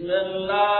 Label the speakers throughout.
Speaker 1: بسم الله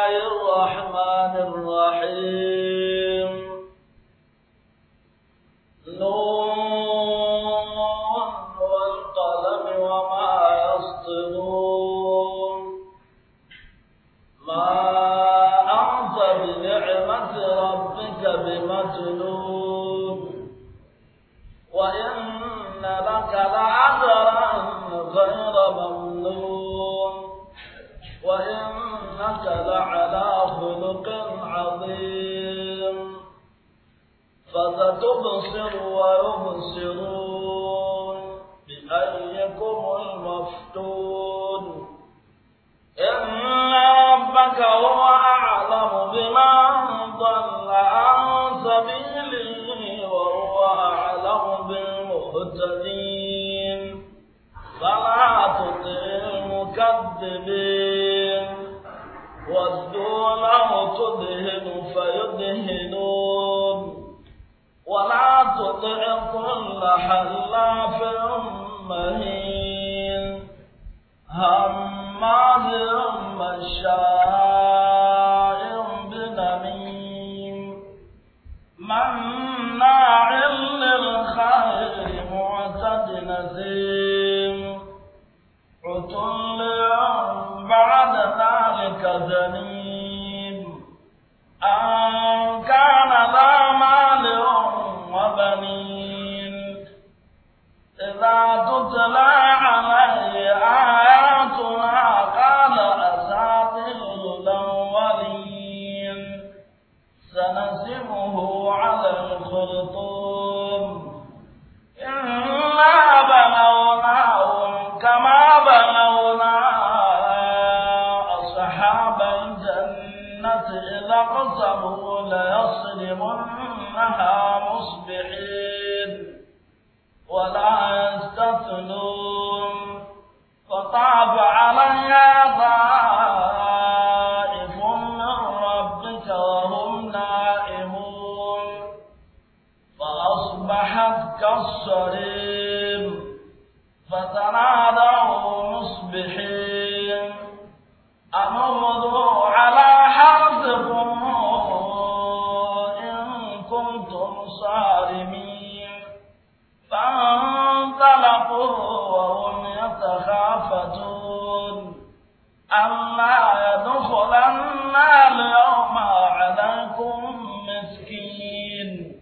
Speaker 1: مسكين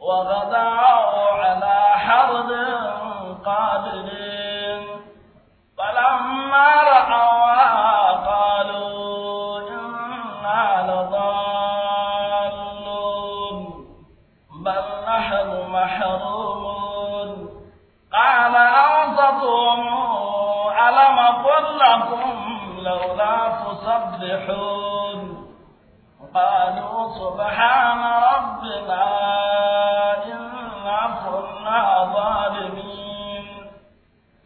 Speaker 1: وَغَدَوْا على حرد قادرين فلما رأوها قالوا إنا لضالون بل نحن محرومون قال أنصتهم ألم أَقُلْ لكم لولا تصبحون سبحان ربنا إنا كنا ظالمين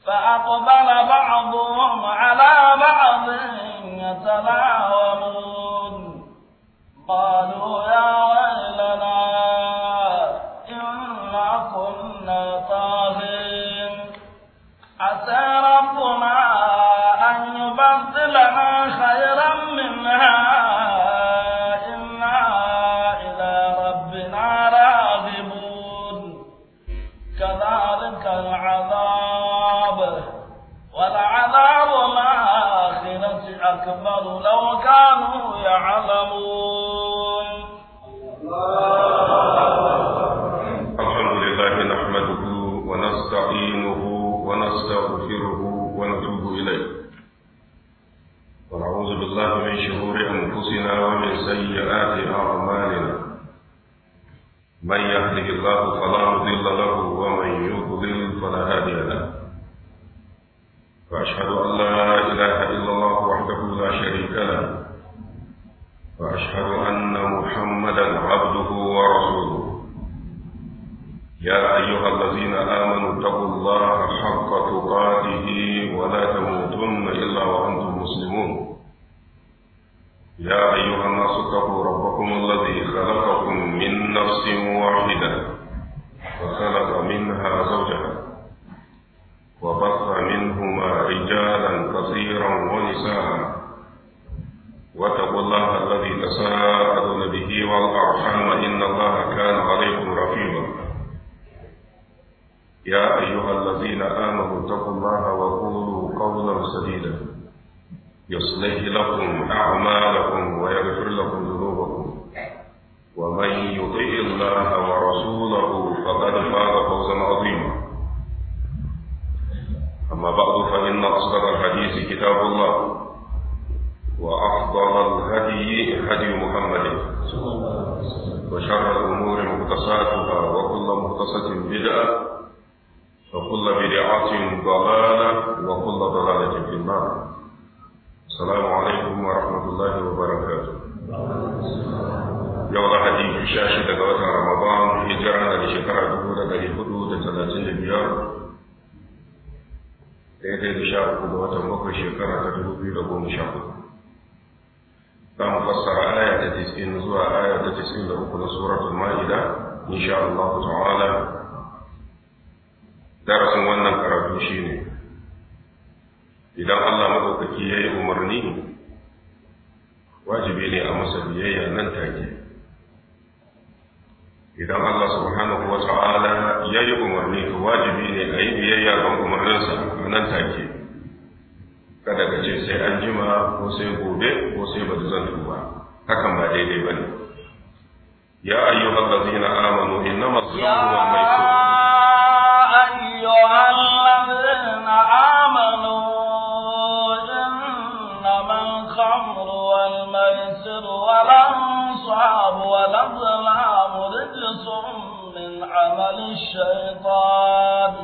Speaker 1: فأقبل بعضهم على بعض يتلاعبون كفروا لو كانوا يعلمون
Speaker 2: محدثة بدعة وكل بدعة ضلالة وكل ضلالة في النار السلام عليكم ورحمة الله وبركاته يوم حديث شاشة دقوات رمضان هجرنا لشكرة دقودة لحدود 35 daidai da sha uku da watan bakwai shekara ta dubu biyu da goma sha uku mu fassara aya ta tis'in zuwa aya ta tis'in da uku na suratul ma'ida in sha Allah ta'ala darasin wannan karatu shine idan Allah madaukaki yayi umarni wajibi ne a masa biyayya nan take idan Allah subhanahu wa ta'ala yayi umarni to wajibi ne a yi biyayya ga umarninsa nan take kada ka ce sai an jima ko sai gobe ko sai ba zan tuba hakan ba daidai ba ne يا أيها الذين آمنوا إنما الخمر والميسر يا
Speaker 3: أيها الذين
Speaker 1: آمنوا إنما الخمر والميسر والأنصاب والأظلام رجس من عمل الشيطان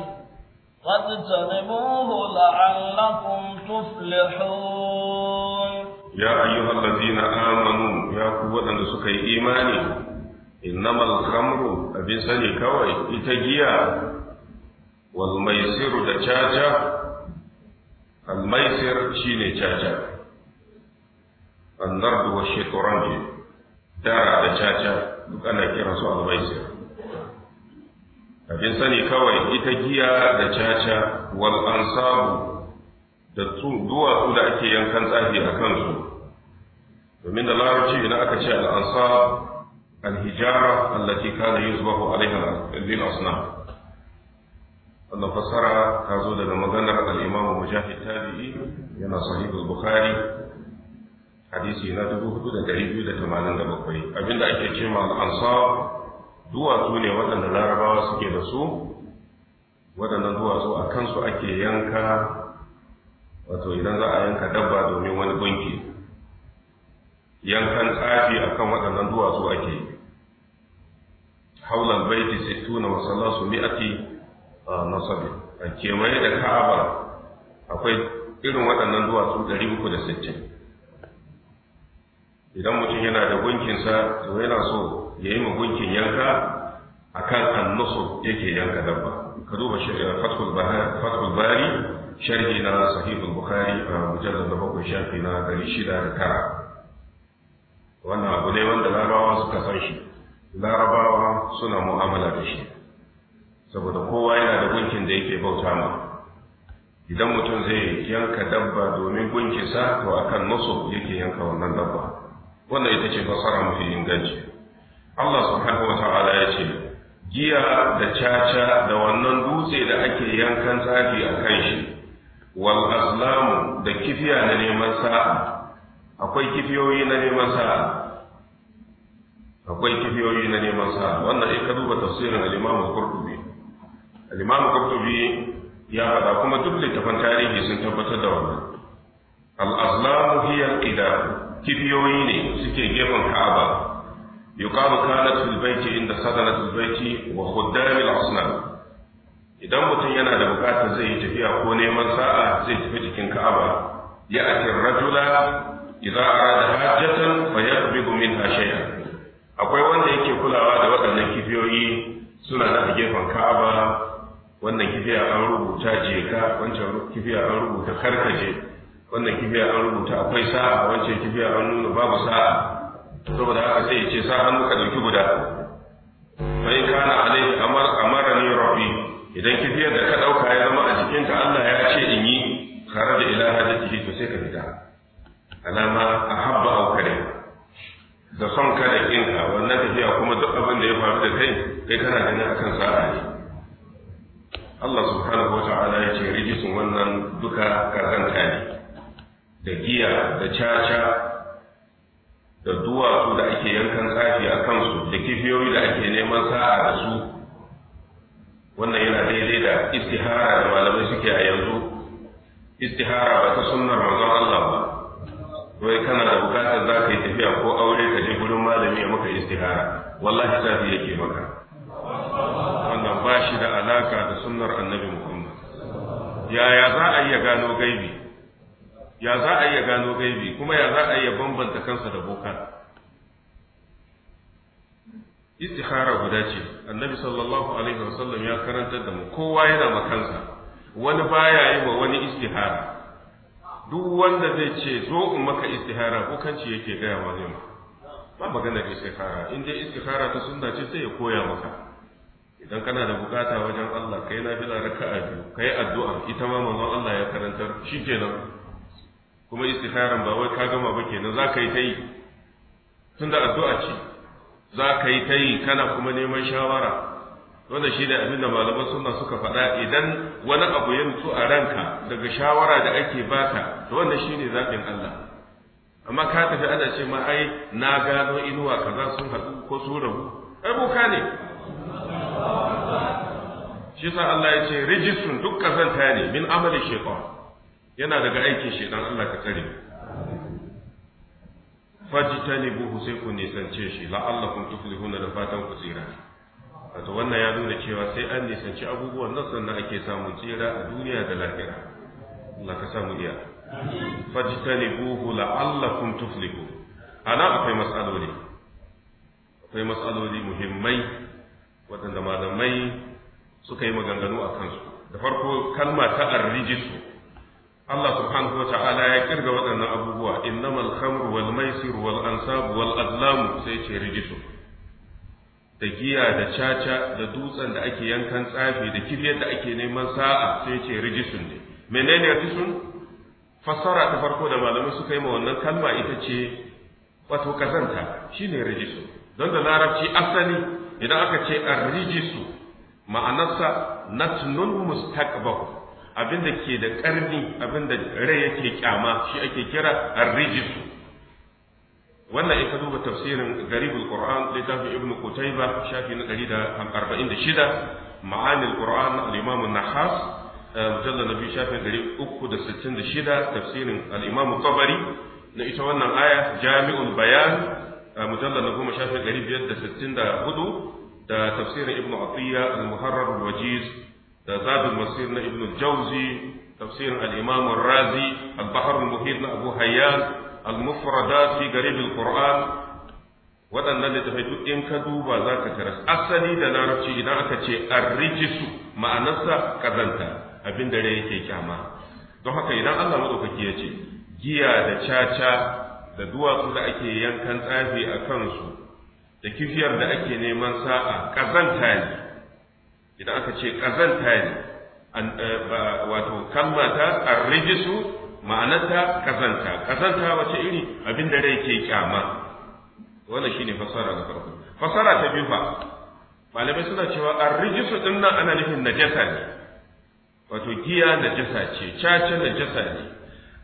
Speaker 1: فاجتنبوه لعلكم تفلحون
Speaker 3: يا أيها الذين آمنوا يا قوة
Speaker 2: أن سكي إيماني innamal khamru abin sani kawai ita giya wal maisiru da caca al maisir shine caca an nardu wa shaytaranji dara da caca duk ana kiran al maisir abin sani kawai ita giya da caca wal ansabu da duwatsu da ake yankan tsafi a kansu domin da larabci idan aka ce al الحجارة التي كان يصبح عليها للأصنام wannan fassara ta zo daga maganar al'imamu mujahid tabi'i yana sahihul bukhari hadisi na 4,287 abinda ake ce ma al'ansar duwatsu ne waɗanda larabawa suke da su waɗannan duwatsu a kansu ake yanka wato idan za a yanka dabba domin wani gunki yankan tsafi akan waɗannan duwatsu ake yi حول البيت ستون وثلاث مئة نصب kewaye da ka'aba akwai irin waɗannan duwatsu ɗari uku da sittin idan mutum yana da gunkinsa to yana so ya yi ma gunkin yanka a kan annusu yake yanka dabba ka duba fatul bari sharhi na sahihul bukhari a mujallar da bakwai shafi na shida da tara wannan abu ne wanda larabawa suka san shi larabawa suna mu'amala da shi saboda kowa yana da gunkin da yake bauta ma idan mutum zai yanka dabba domin gunkinsa to akan maso yake yanka wannan dabba wannan ita ce fasara mafi inganci Allah subhanahu wa ta'ala ya ce giya da caca da wannan dutse da ake yankan tsafi a kan shi wal aslamu da kifiya na neman sa'a akwai kifiyoyi na neman sa'a akwai kifiyoyi na neman sa wannan in ka duba tafsirin al-Imam Qurtubi al-Imam Qurtubi ya faɗa kuma duk littafan tarihi sun tabbatar da wannan al-azlamu hiya al-qida kifiyoyi ne suke gefen Ka'aba yuqamu kanat fil baiti inda sadanat al baiti wa khuddam al-asnam idan mutum yana da bukata zai yi tafiya ko neman sa'a zai tafi jikin Ka'aba ya atir rajula idza arada hajjatan fayaqbidu minha shay'an akwai wanda yake kulawa da waɗannan kifiyoyi suna na a gefen ka'aba wannan kifiya an rubuta jeka wancan kifiya an rubuta karkaje wannan kifiya an rubuta akwai sa'a wancan kifiya an nuna babu sa'a saboda haka sai ya ce sa hannu muka ɗauki guda bai kana alai amar amara ni rabbi idan kifiyar da ka ɗauka ya zama a jikinka Allah ya ce in yi tare da ilaha da to sai ka fita alama ahabba auka. da son kada da kin wannan tafiya kuma duk abin da ya faru da kai kai kana a akan sa'a ne Allah subhanahu wa ta'ala ya ce rijisun wannan duka kazanta ne da giya da caca da duwatsu da ake yankan tsafi a kansu da kifiyoyi da ake neman sa'a da su wannan yana daidai da istihara da malamai suke a yanzu istihara ba ta sunnar manzon Allah ba wai kana da bukatar za ka yi tafiya ko aure ka je gudun malami ya maka istihara
Speaker 3: wallahi safi yake maka wannan
Speaker 2: ba shi da alaka da sunnar annabi muhammad yaya za a iya gano gaibi ya za a iya gano gaibi kuma ya za a iya bambanta kansa da bokan istihara guda ce annabi sallallahu alaihi wasallam ya karantar da mu kowa yana makansa wani baya yi wa wani istihara duk wanda zai ce zo in maka istihara hukanci yake gaya ma zai ma ba da istihara in dai istihara ta sunna ce sai ya koya maka idan kana da bukata wajen Allah kai nafila raka'a biyu kai addu'a ita ma manzon Allah ya karanta, karantar kenan kuma istiharan ba wai ka gama ba kenan za ka yi ta yi tunda addu'a ce
Speaker 3: za ka yi ta yi kana kuma neman shawara wanda shi ne abin da malaman suna suka faɗa idan wani abu ya nutsu a ranka daga shawara da ake baka
Speaker 2: to wannan shi ne zaɓin Allah amma ka tafi ana ce ma ai na gano inuwa kaza sun haɗu ko sun rabu ai boka ne shi sa Allah ya ce rijistun duk kazanta ne min amalin shekwa yana daga aikin shaitan Allah ka tsare fajitani buhu sai ku nisance shi la'allakum tuflihuna da fatan ku tsira wato wannan ya nuna cewa sai an nisanci abubuwan nan sannan ake samun tsira a duniya da lahira Allah ka samu iya fajtanibuhu la'allakum tuflihu ana akwai matsaloli akwai matsaloli muhimmai waɗanda malamai suka yi maganganu a kansu da farko kalma ta arrijisu Allah subhanahu wa ta'ala ya kirga waɗannan abubuwa innamal khamru wal maisir wal ansab wal azlam sai ce rijisu da giya da caca da dutsen da ake yankan tsafi da kiryar da ake neman sa'a sai ce rijisun ne menene rijisun fassara ta farko da malamai suka yi ma wannan kalma ita ce wato kazanta shine rijisu don da larabci asali idan aka ce ar ma'anarsa natnun Abin abinda ke da ƙarni abinda rai yake kyama shi ake kira a wannan in ka duba tafsirin garibul qur'an littafin ibnu qutayba shafi na 146 ma'anil qur'an al-imam an-nahas mujallal nabi shafi 366 tafsirin al-imam tabari na ita wannan aya jami'ul bayan mujallal na goma shafi 564 da tafsirin ibnu atiyya al-muharrar al-wajiz da zadul masir na ibnu al-jawzi tafsirin al-imam ar-razi al-bahr al-muhit na abu hayyan al-mufradat fi garibil qur'an waɗannan littafai duk in ka duba za ka taras asali da larabci idan aka ce arrijisu ma'anarsa kazanta abin da rai yake kyama don haka idan Allah madaukaki ya ce giya da caca da duwatsu da ake yankan tsafi a kansu da kifiyar da ake neman sa'a kazanta ne idan aka ce kazanta ne wato kalmata arrijisu ma'anarta kazanta kazanta wace iri abin da rai ke kyama wannan shine fasara na farko fasara ta biyu fa malamai suna cewa arrijisu din nan ana nufin najasa ne wato giya najasa ce caca najasa ne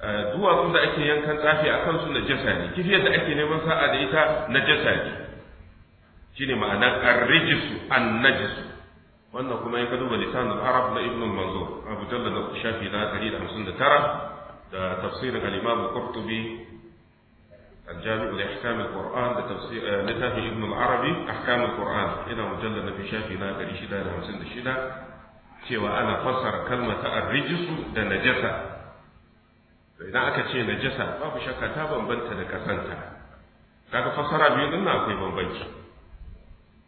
Speaker 2: eh, duwatsun da ake yankan tsafi a kansu najasa ne kifiyar da ake neman sa'a da ita najasa ne shine ma'anar arrijisu an najisu wannan kuma in ka duba lisanul arab na ibnu manzur abu jalla na shafi na 159 da tafsirin al-Imam Qurtubi الجامع لأحكام القرآن لتافي ابن العربي أحكام القرآن إلى مجلد نبي شافي ناقري شدا همسند شدا cewa ana fassara kalmata, ta arrijisu da najasa to idan aka ce najasa babu shakka ta bambanta da kasanta kaga fassara biyu din akwai bambanci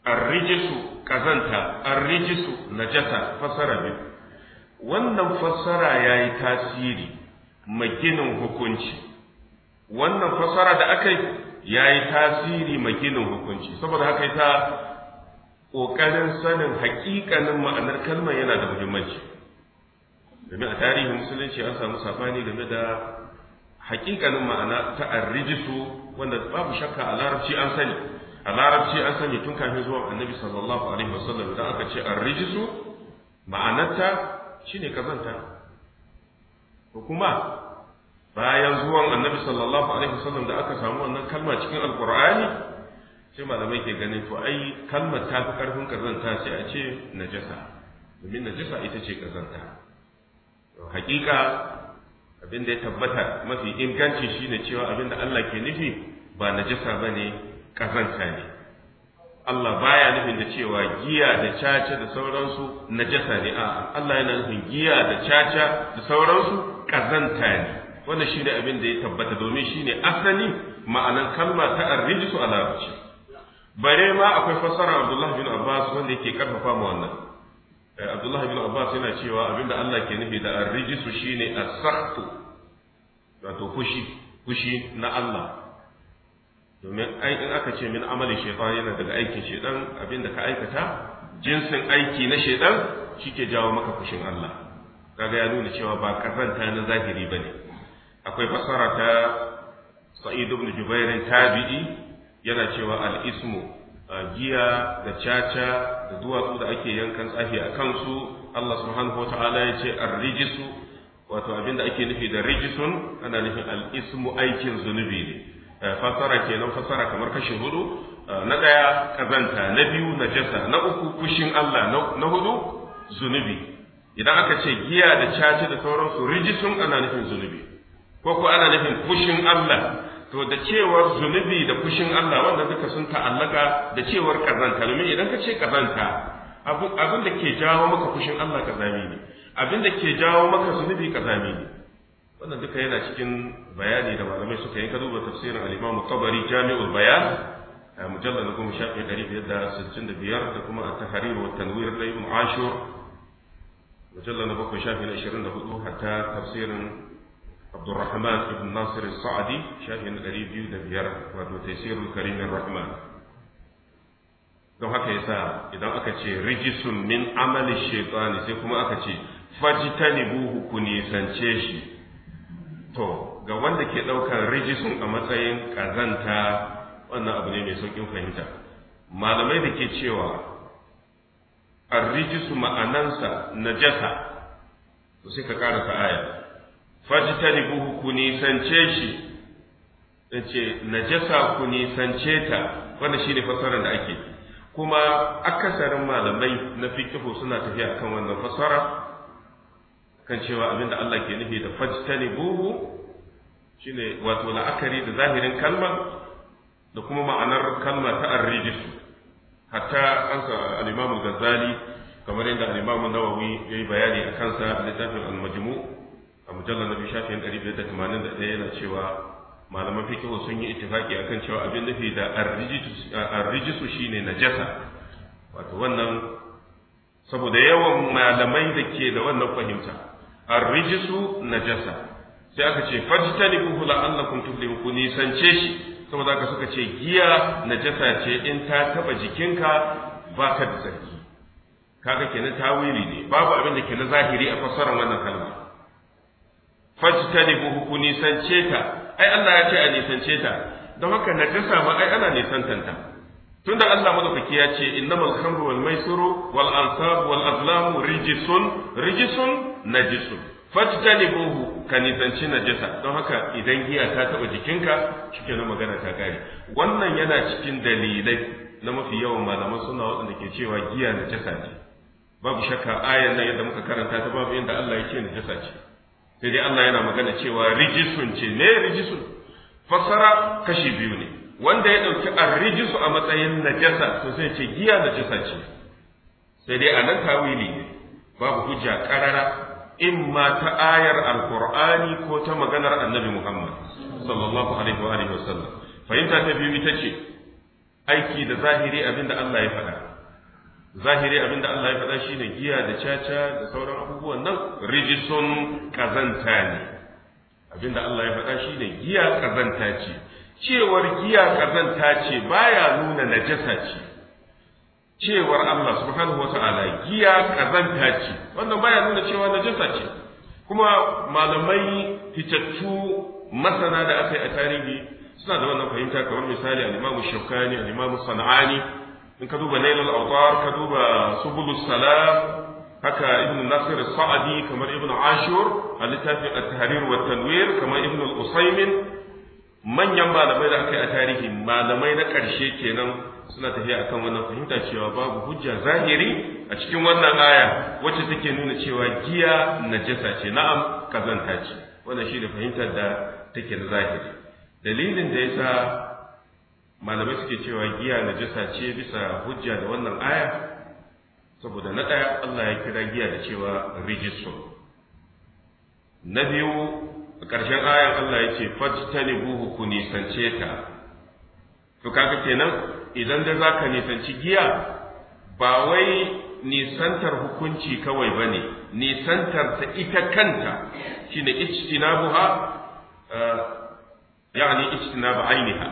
Speaker 2: arrijisu kazanta arrijisu najasa fassara biyu wannan fassara yayi tasiri maginin hukunci wannan fasara da aka yi ya yi tasiri maginin hukunci saboda haka ita ƙoƙarin sanin haƙiƙanin ma'anar kalmar yana da muhimmanci domin a tarihin musulunci an samu sabani game da haƙiƙanin ma'ana ta arrijisu wanda babu shakka a larabci an sani a larabci an sani tun kafin zuwa annabi sallallahu alaihi wasallam idan aka ce arrijisu ma'anarta shine kazanta to kuma bayan zuwan annabi sallallahu alaihi wasallam da aka samu wannan kalma cikin alqur'ani sai malamai ke ganin to ai kalmar ta fi karfin kazanta sai a ce najasa domin najasa ita ce kazanta hakika abin da ya tabbata mafi inganci shine cewa abin da Allah ke nufi ba najasa bane kazanta ne Allah baya nufin da cewa giya da caca da sauransu najasa ne a'a Allah yana nufin giya da caca da sauransu ƙazanta ne Wanda shi ne abin da ya tabbata domin shi ne asali ma'anan kalma ta arrijisu a larabci bare ma akwai fassara Abdullah bin Abbas wanda yake karfafa mu wannan eh, Abdullah bin Abbas yana cewa abinda Allah ke nufi da arrijisu shi ne sakhtu wato fushi fushi na Allah domin in aka ce min amali shaytan yana daga aikin shaytan abinda ka aikata jinsin aiki na shaytan shike jawo maka fushin Allah kaga ya nuna cewa ba kazanta na zahiri ba ne akwai fasara ta sa'id ibn jubair tabi'i yana cewa al-ismu uh, giya da caca da duwatsu da ake yankan tsafi a kansu Allah subhanahu wata'ala ya ce ar-rijisu wato abinda ake nufi da rijisun ana nufin al-ismu aikin zunubi ne uh, fasara kenan fasara kamar kashi hudu uh, na ɗaya kazanta na biyu najasa na uku kushin Allah na hudu zunubi idan aka ce giya da caci da sauransu rijisun ana nufin zunubi ko ko ana nufin fushin Allah to da cewar zunubi da fushin Allah wanda duka sun ta'allaka da cewar kazanta domin idan ka ce kazanta abin da ke jawo maka fushin Allah kazami ne abin da ke jawo maka zunubi kazami ne wannan duka yana cikin bayani da malamai suka yi ka duba tafsirin al-Imam Tabari Jami'ul Bayan 1565 Da kuma at-Tahrir wa at-Tanwir da Ibn Ashur mujalla na bakwai shafi na da hudu hatta tafsirin abdurrahman ibn nasir sa'adi shafi na ɗari biyu da biyar wato tafsirul karimin rahman don haka yasa idan aka ce rijisun min amali shaitani sai kuma aka ce fajtanibuhu ku nisance shi to ga wanda ke ɗaukar rijisun a matsayin ƙazanta wannan abu ne mai sauƙin fahimta malamai da ke cewa الرجس معنانسا نجسة وسيكا Fajitani آية فاجتنبوه كوني سانشيشي ce najasa ku nisance ta wannan shine fasarar da ake kuma akasarin malamai na fikihu suna tafiya kan wannan fasara kan cewa abinda Allah ke nufi da shi shine wato la'akari da zahirin kalmar da kuma ma'anar kalma ta arrijisu hatta an ka al-Imam Ghazali kamar yadda al-Imam Nawawi yayi bayani a kansa a littafin al-Majmu a mujallal nabi shafin 181 yana cewa malaman fiqh sun yi ittifaqi akan cewa abin nufi da ar-rijisu shine najasa wato wannan saboda yawan malamai da ke da wannan fahimta ar-rijisu najasa sai aka ce fajtanibuhu la'allakum tuflihu ku nisance shi saboda ka suka ce giya najasa ce in ta taba jikinka ba ka da zargi kaga kenan tawili ne babu abin da ke na zahiri a fassarar wannan kalma fajtanibu ku nisance ta ai Allah ya ce a nisance ta don haka najasa ma ai ana nisantanta tunda Allah madaukaki ya ce innamal khamru wal maisiru wal ansab wal azlamu rijisun rijisun najisun fajtanibuhu ka nisanci najasa don haka idan giya ta taba jikinka cike na magana ta kare wannan yana cikin dalilai na mafi yawan malaman suna waɗanda ke cewa giya najasa ce babu shakka ayar nan yadda muka karanta ta babu inda Allah ya ce najasa ce sai dai Allah yana magana cewa rijisun ce ne rijisun fassara kashi biyu ne wanda ya ɗauki arrijisu a matsayin najasa to sai ce giya najasa ce sai dai a nan tawili babu hujja ƙarara imma ta ayar alqur'ani ko ta maganar annabi Muhammad sallallahu alaihi wa alihi wasallam fahimta ta biyu ita ce aiki da zahiri abinda Allah ya faɗa zahiri abinda Allah ya faɗa shine giya da caca da sauran abubuwan nan rijisun kazanta ne abinda Allah ya faɗa shine giya kazanta ce cewar giya kazanta ce baya nuna najasa ce cewar Allah subhanahu wata'ala giya kazanta ce wannan baya nuna cewa najasa ce kuma malamai fitattu masana da aka yi a tarihi suna da wannan fahimta kamar misali al-Imam Shawkani al-Imam Sanani in ka duba Nailul Awtar ka duba Subulus Salam haka Ibn Nasir Sa'adi kamar Ibn Ashur a littafin At-Tahrir wa Tanwir kamar Ibn al-Usaymin manyan malamai da aka yi a tarihi malamai na ƙarshe kenan suna tafiya akan wannan fahimta cewa babu hujja zahiri a cikin wannan aya wacce take nuna cewa giya najasa ce na'am kazanta ce wannan shi da fahimtar da take na zahiri dalilin da yasa malamai suke cewa giya najasa ce bisa hujja da wannan aya saboda na ɗaya Allah ya kira giya da cewa rijisun na biyu a ƙarshen ayan Allah ya ce fajtanibuhu ku nisance ta to kaga kenan idan da zaka nisanci giya ba wai nisantar hukunci kawai bane nisantar ta ita kanta shine ijtinabuha eh, yani ijtinabu ainiha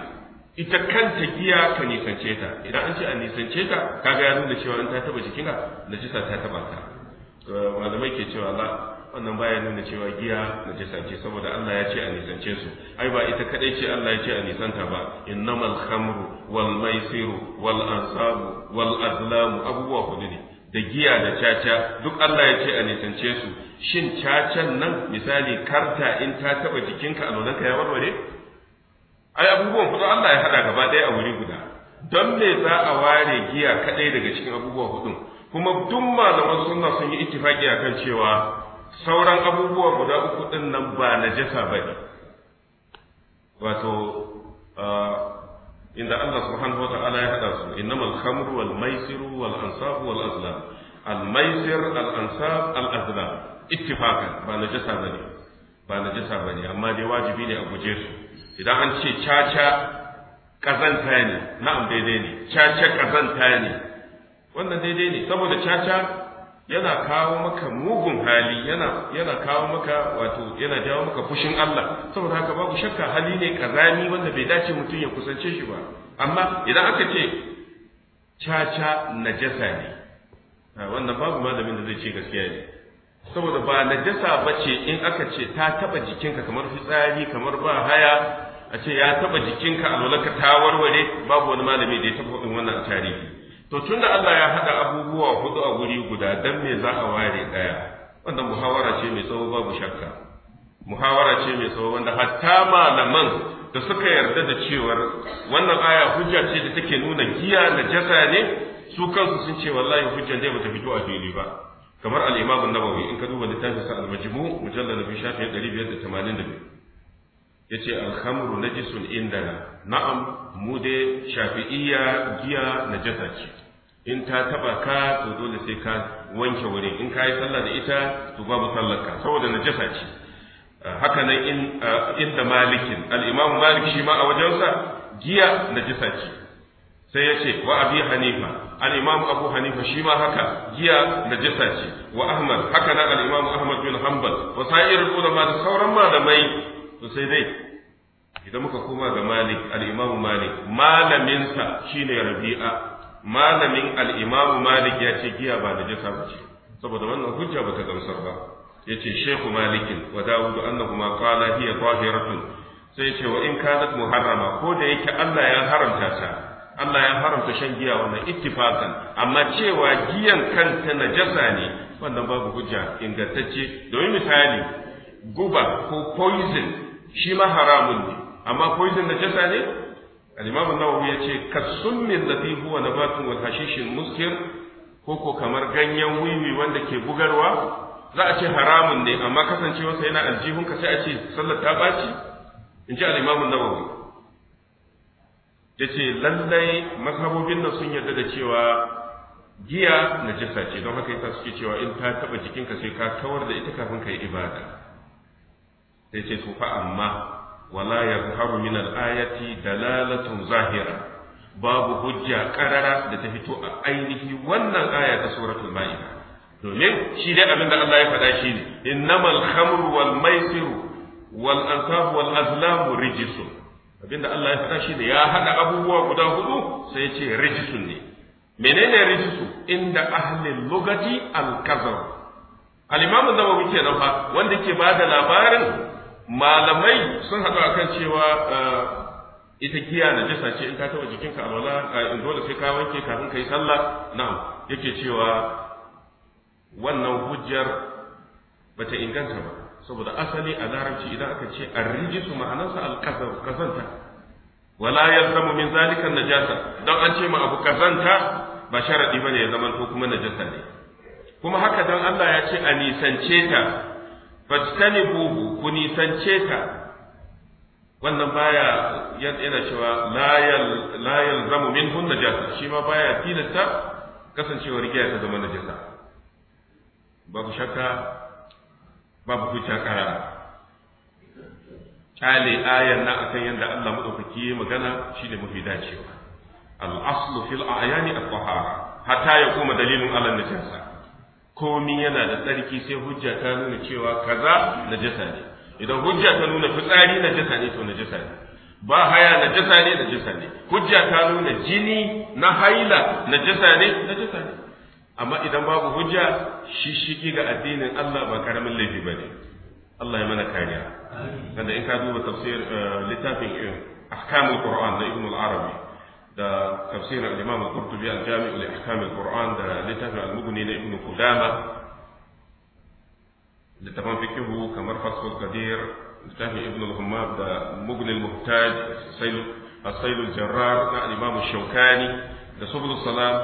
Speaker 2: ita kanta giya ka nisance ta idan an ce a nisance ta kaga ya nuna cewa in ta taba jikinka najisa ta taba ka eh, malamai ke cewa wannan baya nuna cewa giya na jisance saboda Allah ya ce a nisance su ai ba ita kadai ce Allah ya ce a nisanta ba innamal khamru wal maisiru wal ansabu wal azlamu abubuwa hudu ne da giya da caca duk Allah ya ce a nisance su shin cacan nan misali karta in ta taba jikinka a alwalanka ya warware ai abubuwan hudu Allah ya hada gaba ɗaya a wuri guda don me za a ware giya kadai daga cikin abubuwa hudu kuma duk malaman sunna sun yi ittifaqi akan cewa sauran abubuwa guda uku ɗin nan ba na jasa ba ne wato inda Allah subhanahu wa ta'ala ya haɗa su innamal khamru wal maisiru wal ansab wal azlam al maisir al ansab al azlam ittifaqan ba na jasa ba ne ba na jasa ba ne amma dai wajibi ne a guje su idan an ce caca kazanta ne na'am daidai ne caca kazanta ne wannan daidai ne saboda caca yana kawo maka mugun hali yana yana kawo maka wato yana jawo maka fushin Allah saboda haka babu shakka hali ne kazani wanda bai dace mutum ya kusance shi ba amma idan aka ce caca najasa ne wannan babu malamin da zai ce gaskiya ne saboda ba najasa bace in aka ce ta taba jikinka kamar fitsari kamar ba haya a ce ya taba jikinka alwalarka ta warware babu wani malami da ya taba wannan tarihi to da Allah ya haɗa abubuwa hudu a guri guda dan me za a ware daya wannan muhawara ce mai tsawo babu shakka muhawara ce mai tsawo wanda hatta malaman da suka yarda da cewar wannan aya hujja ce da take nuna giya jasa ne su kansu sun ce wallahi hujjan dai bata fito a fili ba kamar al-Imam an-Nawawi in ka duba littafin sa al-Majmu mujallal bi shafi 582 yace al-khamru najisun indana na'am mu dai shafi'iyya giya najasa ce
Speaker 1: in ta taba ka to dole sai
Speaker 2: ka wanke wurin in ka yi sallah da ita to babu sallar ka saboda najasa ce ah, haka nan in ah, inda malikin al-imam malik shi ma a wajensa giya najasa ce sai ya ce wa abi hanifa al-imam abu hanifa shi ma haka giya najasa ce wa ahmad haka nan al-imam ahmad bin hanbal wa sa'ir ulama da sauran malamai to sai dai idan muka koma ga malik al-imam malik malaminsa shine rabi'a malamin al-imam malik ya ce giya ba da jasa ba ce saboda wannan hujja ba ta gamsar ba yace shehu malik wa dawud annahuma qala hiya tahiratun sai ce wa in kanat muharrama ko da yake Allah ya haramta ta Allah ya haramta shan giya wannan ittifaqan amma cewa giyan kanta najasa ne wannan babu hujja ingantacce domin misali guba ko poison shi ma haramun ne amma poison najasa ne al-imam an-nawawi yace kasummin ladhi huwa nabatun wal hashishin muskir ko kamar ganyen wiwi wanda ke bugarwa za a ce haramun ne amma kasancewarsa yana aljihun ka sai a ce sallar ta baci in ji al-imam an yace lallai mazhabobin nan sun yarda da cewa giya najasa ce don haka yasa suke cewa in ta taba jikinka sai ka kawar da ita kafin ka yi ibada sai ce to fa amma wala yazharu min al-ayati dalalatun zahira babu hujja karara da ta fito a ainihi wannan aya ta suratul ma'ida domin shi dai abinda da Allah ya faɗa shi ne innamal khamru wal maisiru wal ansabu wal azlamu rijisun abin Allah ya faɗa shi ne ya haɗa abubuwa guda huɗu sai ya ce rijisun ne menene rijisu inda ahlin lugati al-kazab al-imamu nawawi kenan fa wanda ke da labarin malamai sun haɗu a kan cewa eh, ita giya na jisa ce in ka taɓa jikinka alwala in eh, dole sai ka wanke kafin ka yi sallah na yake cewa wannan hujjar ta inganta ba saboda asali a larabci idan aka ce a arrijisu ma'anarsa alkazar kazanta wala ya zama min na najasa Don an ce ma abu kazanta ba sharaɗi ba ne ya ko kuma najasa ne kuma haka don Allah ya ce a nisance ta fajtanibuhu ku nisance ta wannan baya yana cewa la yalzamu minhun najasa shi ma baya tilasta kasancewar giya ta zama najasa babu shakka babu hujja karara
Speaker 3: kyale ayan na
Speaker 2: akan yadda Allah madaukaki magana shi ne mafi dacewa al-aslu fil ayani at-tahara hatta ya kuma dalilin ala najasa komi yana da tsarki sai hujja ta nuna cewa kaza jasa ne idan hujja ta nuna fitsari jasa ne to jasa ne ba haya najasa ne jasa ne hujja ta nuna jini na haila jasa ne jasa ne amma idan babu hujja shishigi ga addinin Allah ba karamin laifi ne, Allah ya mana kariya kada in ka duba tafsir eh, littafin eh, ahkamul qur'an na ibn al-arabi da tafsirin Imam Qurtubi al-Jami' li ahkam al-Qur'an da littafin al-Mughni na Ibn Qudama littafin fiqh kamar Fathul Qadir littafin Ibn al-Hummam da Mughni al-Muhtaj Sail al-Jarrar na Imam Shawkani da Subul Salam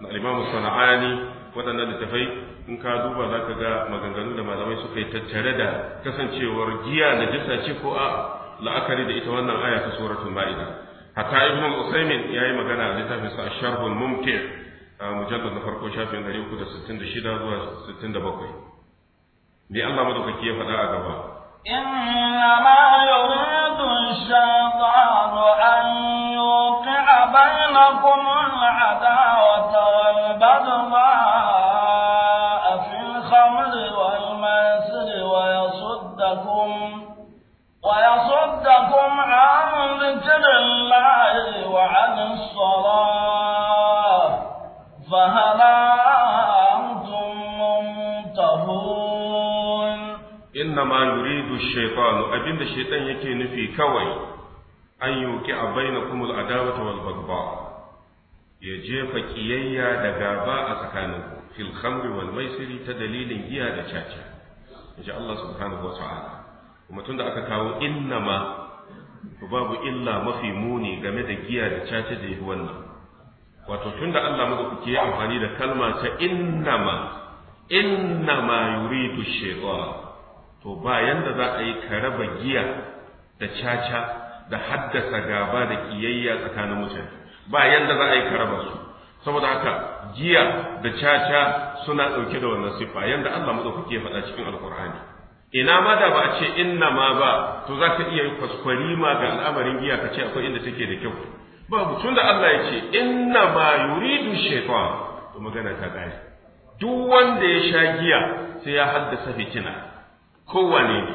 Speaker 2: na Imam Sana'ani waɗannan littafai in ka duba za ka ga maganganu da malamai suka yi tattare da kasancewar giya da jisa ce ko a la'akari da ita wannan aya ta suratul ma'ida hatta ibn al-usaymin yayi magana a littafin sa sharh al-mumti' mujallad na farko shafin 366 zuwa 67 bi Allah madaukaki ya faɗa a gaba
Speaker 1: إنما يريد الشيطان أن يوقع بينكم العداوة والبغضاء في الخمر والميسر ويصدكم ويصدكم عن ذكر الله وعن الصلاة فهلا أنتم منتهون
Speaker 2: إنما يريد الشيطان أبين الشيطان يكين في كوي أن يوكع بينكم العداوة والبغضاء يجيب كيايا دقابا أسكانه في الخمر والميسر تدليل إياد شاشا إن شاء الله سبحانه وتعالى mutum da aka kawo innama babu illa mafi muni game da giya da caca da yi wannan wato tunda da Allah maka kuke yi amfani da kalma ta innama innama yuridu shaytan to bayan da za a yi ka raba giya da caca da haddasa gaba da kiyayya tsakanin mutane bayan da za a yi ka raba su saboda haka giya da caca suna ɗauke da wannan siffa yanda Allah maka kuke faɗa cikin alkur'ani ina ma da ba a ce inna ma ba to za ka iya kwaskwari ma ga al'amarin giya ka ce akwai inda take da kyau babu tun da Allah ya ce inna ma yuridu shaitan to magana ta gani duk wanda ya sha giya sai ya haddasa fitina kowane ne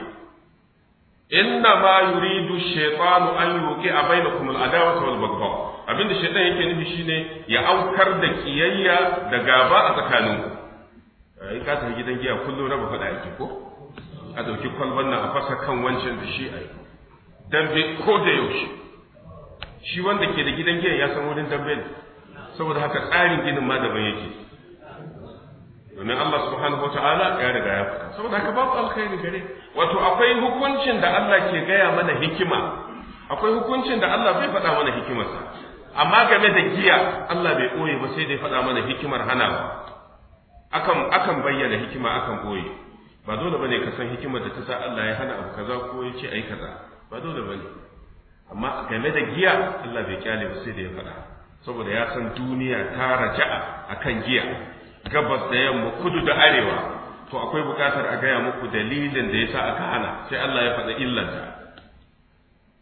Speaker 2: inna ma yuridu shaytanu an yuqi a bainakum al'adawa wal baghdha abinda shaytan yake nufi shine ya aukar da kiyayya da gaba a tsakaninku ai ka tafi gidan giya kullum raba fada yake ko a ɗauki kwalban nan a fasa kan wancan da shi a yi dambe ko da yaushe shi wanda ke da gidan giyan ya san wurin dambe ne saboda haka tsarin ginin ma daban yake domin Allah subhanahu wata'ala ya riga ya faɗa saboda haka babu alkhairi gare wato akwai hukuncin da Allah ke gaya mana hikima akwai hukuncin da Allah bai faɗa mana hikimarsa amma game da giya Allah bai ɓoye ba sai dai faɗa mana hikimar hana akan akan bayyana hikima akan ɓoye ba dole bane ka san hikimar da ta sa Allah ya hana abu kaza ko ya ce ai kaza ba dole bane amma game da giya Allah bai kyale ba sai da ya faɗa saboda ya san duniya ta raja'a akan giya gabas da yamma kudu da arewa to akwai bukatar a gaya muku dalilin da yasa aka hana sai Allah ya faɗa illanta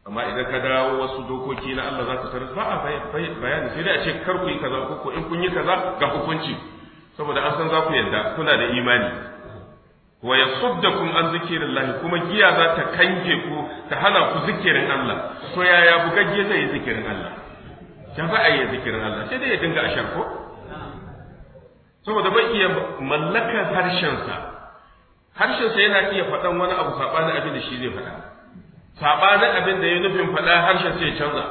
Speaker 2: amma idan ka dawo wasu dokoki na Allah za ka san, ba a bayani sai dai a ce kar ku yi kaza ko in kun yi kaza ga hukunci saboda an san za ku yarda kuna da imani wa yasuddakum an zikrillah kuma giya za ta kange ku ta hana ku zikirin Allah to yaya bugagge zai yi zikirin Allah ta fa yi zikirin Allah sai dai ya dinga ashar ko saboda bai iya mallaka harshen sa, harshen sa yana iya faɗan wani abu saɓanin abin da shi zai faɗa saɓanin abin da ya nufin faɗa harshen sai ya canza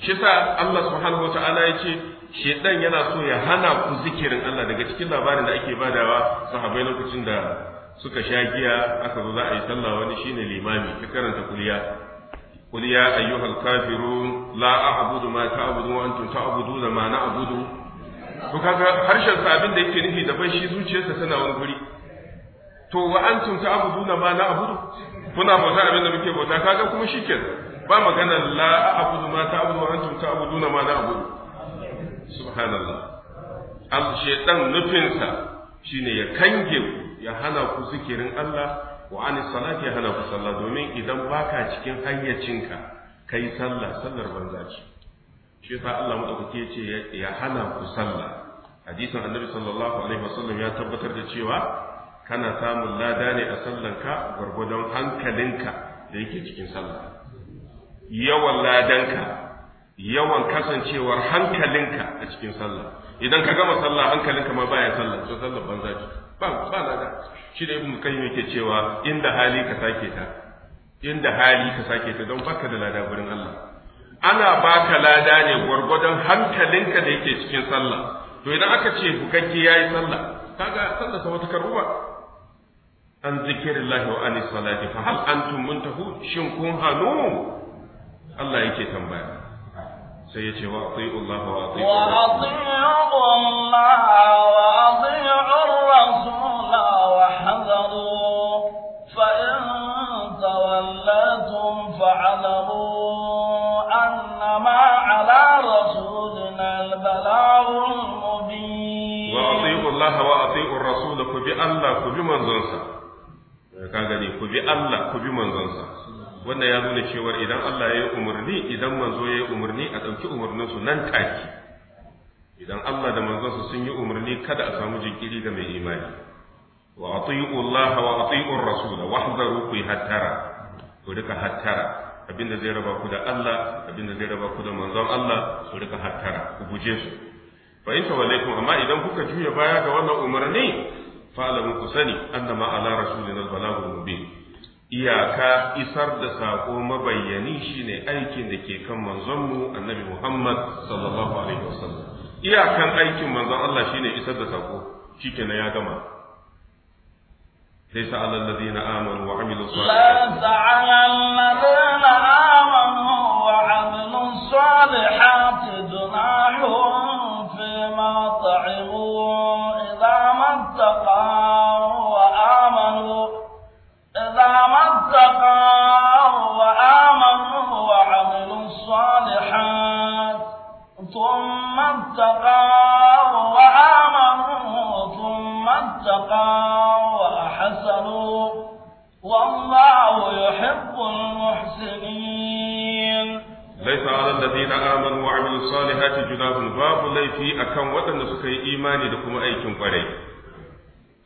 Speaker 2: shi sa Allah subhanahu wata'ala ya ce shedan yana so ya hana ku zikirin Allah daga cikin labarin da ake badawa sahabbai lokacin da suka sha giya aka zo za a yi sallah wani shine limami ta karanta kuliya قل يا أيها الكافرون لا أعبد ما تعبدون وأنتم تعبدون ma na'budu to kaga harshen sa abin da yake nufi ban shi zuciyarsa tana wani guri to wa antum ta'buduna ma na'budu kuna bauta abin da muke bauta kaga kuma shikenan ba magana la a'budu ma ta'budu wa antum ta'buduna ma na'budu subhanallah al shaytan nufinsa shine ya kange ku ya hana ku zikirin Allah wa an salati ya hana ku sallah domin idan baka cikin hayyacinka kai sallah sallar banza ce shi yasa Allah madaukake ya ce ya hana ku sallah hadisin annabi sallallahu alaihi wasallam ya tabbatar da cewa kana samun lada ne a sallanka gwargwadon hankalinka da yake cikin sallah yawan ladanka yawan kasancewar hankalinka a cikin sallah idan ka gama sallah hankalinka ma baya sallah to sallah banza ce ba ba lada shi da ibnu kayyim yake cewa inda hali ka sake ta inda hali ka sake ta don baka da lada gurin Allah ana baka lada ne gwargwadon hankalinka da yake cikin sallah to idan aka ce bukakke yayi sallah kaga sallah sa wata karuwa an zikirillahi wa anis salati fa hal antum muntahu shin kun hanu Allah yake tambaya سيأتي وأطيع الله وأطيع وأطيع
Speaker 1: الله وأطيع الرسول وحذروا فإن تولتم فعذروا أنما على رسولنا البلاغ المبين وأطيع الله وأطيع الرسول كبي الله كبي
Speaker 2: كان قال كبي الله كبي منزلسا wannan ya nuna cewar idan Allah ya yi umarni idan manzo ya yi umarni a ɗauki umarninsu nan take idan Allah da manzonsa sun yi umarni kada a samu jinkiri ga mai imani wa atiyu Allah wa atiyu Rasul wahzaru ku hattara ku rika hattara abinda zai raba ku da Allah abinda zai raba ku da manzon Allah ku rika hattara ku guje su fa in tawallaykum amma idan kuka juya baya ga wannan umarni fa alamu ku sani annama ala rasulina al-balagul mubin iyaka isar da sako mabayyani shine aikin da ke kan manzonmu annabi Muhammad sallallahu alaihi wasallam iyakan aikin manzon Allah shine isar da sako shikenan ya gama ليس على الذين آمنوا وعملوا الصالحات
Speaker 1: ليس على الذين آمنوا وعملوا الصالحات جناح اتقوا وآمنوا ثم اتقوا وأحسنوا والله يحب المحسنين ليس على الذين آمنوا وعملوا الصالحات
Speaker 2: جناح باب ليفي أكم وطن سكي إيماني لكم أيكم قريب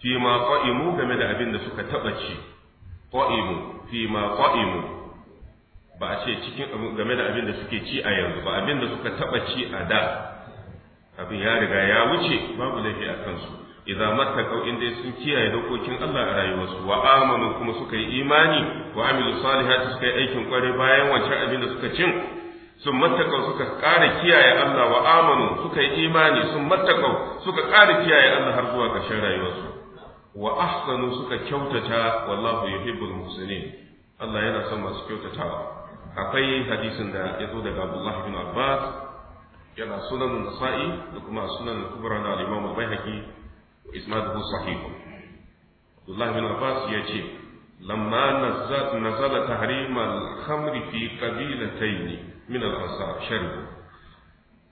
Speaker 2: فيما قائموا كما لأبن سكي تبتشي قائموا فيما قائموا ba a ce cikin game da abin da suke ci a yanzu ba abin da suka taba ci a da abin ya riga ya wuce babu laifi a kansu idza mattaqau in dai sun kiyaye dokokin Allah a rayuwarsu wa amanu kuma suka yi imani wa amilu salihati suka yi aikin kware bayan wancan abin da suka cin sun mattaqau suka ƙara kiyaye Allah wa amanu suka yi imani sun mattaqau suka ƙara kiyaye Allah har zuwa ƙarshen rayuwarsu wa ahsanu suka kyautata wallahu yuhibbul muslimin Allah yana son masu kyautatawa akwai hadisin da ya zo daga Abdullah bin Abbas yana sunan nasa'i da kuma sunan kubra na al-imam al-baihaqi wa isnaduhu sahih Abdullah bin Abbas ya ce lamma nazzat nazala tahrim al-khamr fi qabilatayn min al-ansar sharbu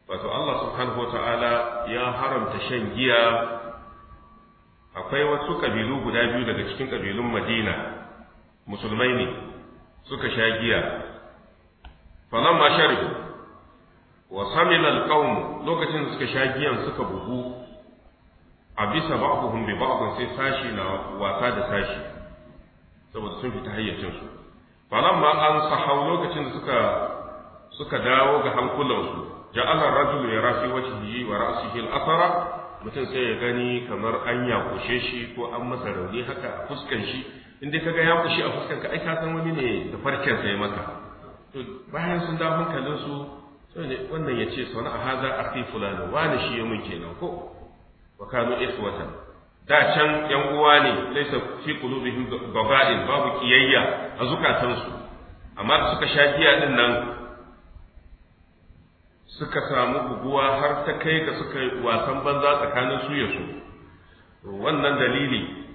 Speaker 2: wato Allah subhanahu wa ta'ala ya haramta shan giya akwai wasu kabilu guda biyu daga cikin kabilun Madina musulmai ne suka sha giya falamma sharibu wa samila alqawm lokacin da suka sha giyan suka bugu a bisa ba'dhum bi ba'd sai sashi na wasa da sashi saboda sun fita hayyacin su ma an sahau lokacin da suka suka dawo ga su ja'ala rajul yara fi wajhihi wa ra'sihi al-athara mutum sai ya gani kamar an yakushe shi ko an masa rauni haka a fuskan shi in kaga ya kushe a fuskan ka ai ka san wani ne da farkin sai maka to bayan sun da hankalin su wannan ya ce sana a haza a fi fulani wani shi ya mun nan ko wa kanu watan da can yan uwa ne laisa fi qulubihim gaba'in babu kiyayya a zukatansu amma da suka sha giya din nan suka samu buguwa har ta kai ga suka yi wasan banza tsakanin su ya su wannan dalili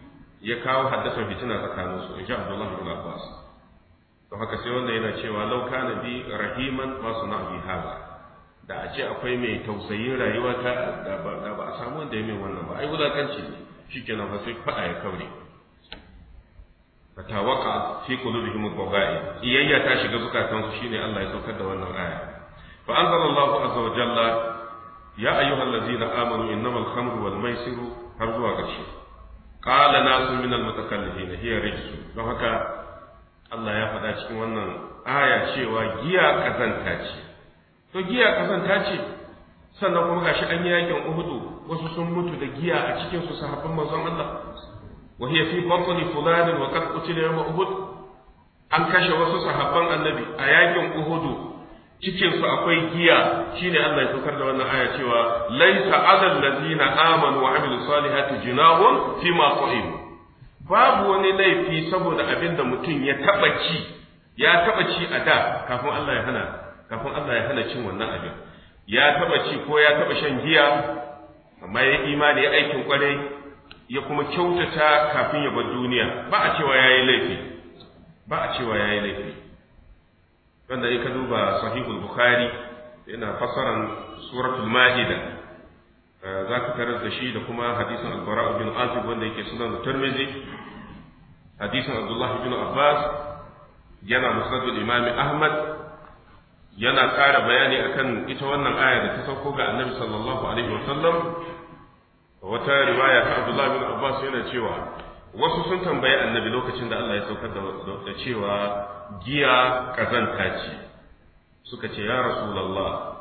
Speaker 2: ya kawo haddasa fitina tsakanin su in sha Abdullahi Abbas to haka sai wanda yana cewa lauka na bi rahiman masu na bi haza da a ce akwai mai tausayin rayuwa ta da ba a samu wanda ya mai wannan ba ai wulakanci ne ke nan sai faɗa ya kaure fatawaka fi qulubihim baghai iyayya ta shiga zukatansu shine Allah ya saukar da wannan aya fa allahu azza wa jalla يا أيها الذين آمنوا إنما الخمر والميسر هرزوا قرشي قال ناس من المتكلفين هي رجس haka. Allah ya faɗa cikin wannan aya cewa giya ƙazanta ce to giya kazanta ce sannan kuma gashi an yi yakin Uhudu wasu sun mutu da giya a cikin su sahabban manzon Allah wa hiya fi batni fulan wa qad qutila yawm Uhud an kashe wasu sahabban Annabi a yakin Uhudu cikinsu akwai giya shine Allah ya saukar da wannan aya cewa laisa alal ladina amanu wa amilu salihati junahun fi ma qa'im babu wani laifi saboda abin da mutum ya taɓa ci ya taɓa ci a da kafin Allah ya hana kafin Allah ya hana cin wannan abin ya taɓa ci ko ya taɓa shan giya amma ya imani ya aikin kwarai ya kuma kyautata kafin ya bar duniya ba a cewa ya yi laifi ba a cewa ya yi laifi wanda in ka duba sahihul bukhari yana fasaran suratul ma'ida Eh, za ka tarar da shi da kuma hadisin al-bara bin azib wanda yake sunan tirmidhi hadisin abdullah bin abbas yana musnadul imam ahmad yana ƙara bayani akan ita wannan aya da ta sauko ga annabi sallallahu alaihi wa sallam wata riwaya ta abdullah bin abbas yana cewa wasu sun tambayi annabi lokacin da Allah ya saukar da cewa giya kazanta ce suka ce ya rasulullah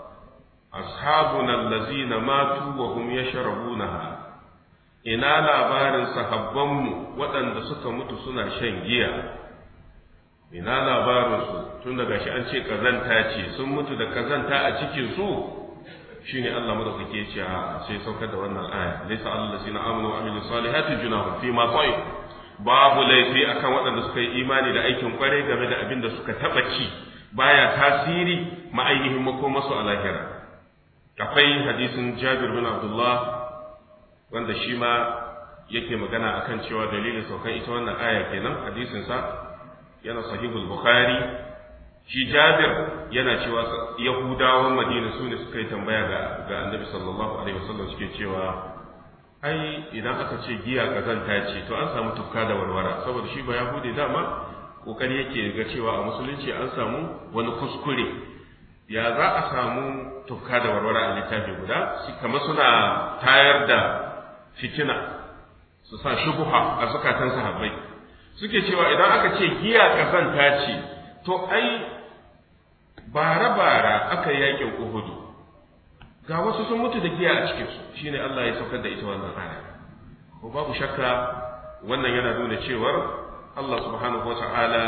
Speaker 2: ashabun allazina matu wa hum yashrabunaha ina labarin sahabbanmu waɗanda suka mutu suna shan giya ina labarinsu tun daga shi an ce kazanta ce sun mutu da kazanta a cikinsu shine Allah madaukake ce sai saukar da wannan aya laysa allazina amanu wa amilu salihati junahum fi ma tayyib babu laifi akan waɗanda suka yi imani da aikin kwarai game da abin da suka taɓa ci baya tasiri ma'ainihin makomasu a lahira akwai hadisin jabir bin abdullah wanda shi ma yake magana akan cewa dalilin saukan ita wannan aya kenan hadisin sa yana sahihul bukhari shi jabir yana cewa yahudawan madina su suka yi tambaya ga ga annabi sallallahu alaihi wasallam suke cewa ai idan aka ce giya kazanta ce to an samu tufka da warwara saboda shi ba yahudi dama
Speaker 3: kokari yake ga cewa a musulunci an samu wani kuskure ya za a samu tufka da warware a littafi guda
Speaker 2: kamar suna tayar da fitina su sa shubuha a zukatan sahabbai suke cewa idan aka ce giya kazan ta ce to ai bara-bara aka yakin uhudu ga wasu sun mutu da giya a cikinsu shine Allah ya saukar da ita wannan aya ko babu shakka wannan yana nuna cewar Allah subhanahu wa ta'ala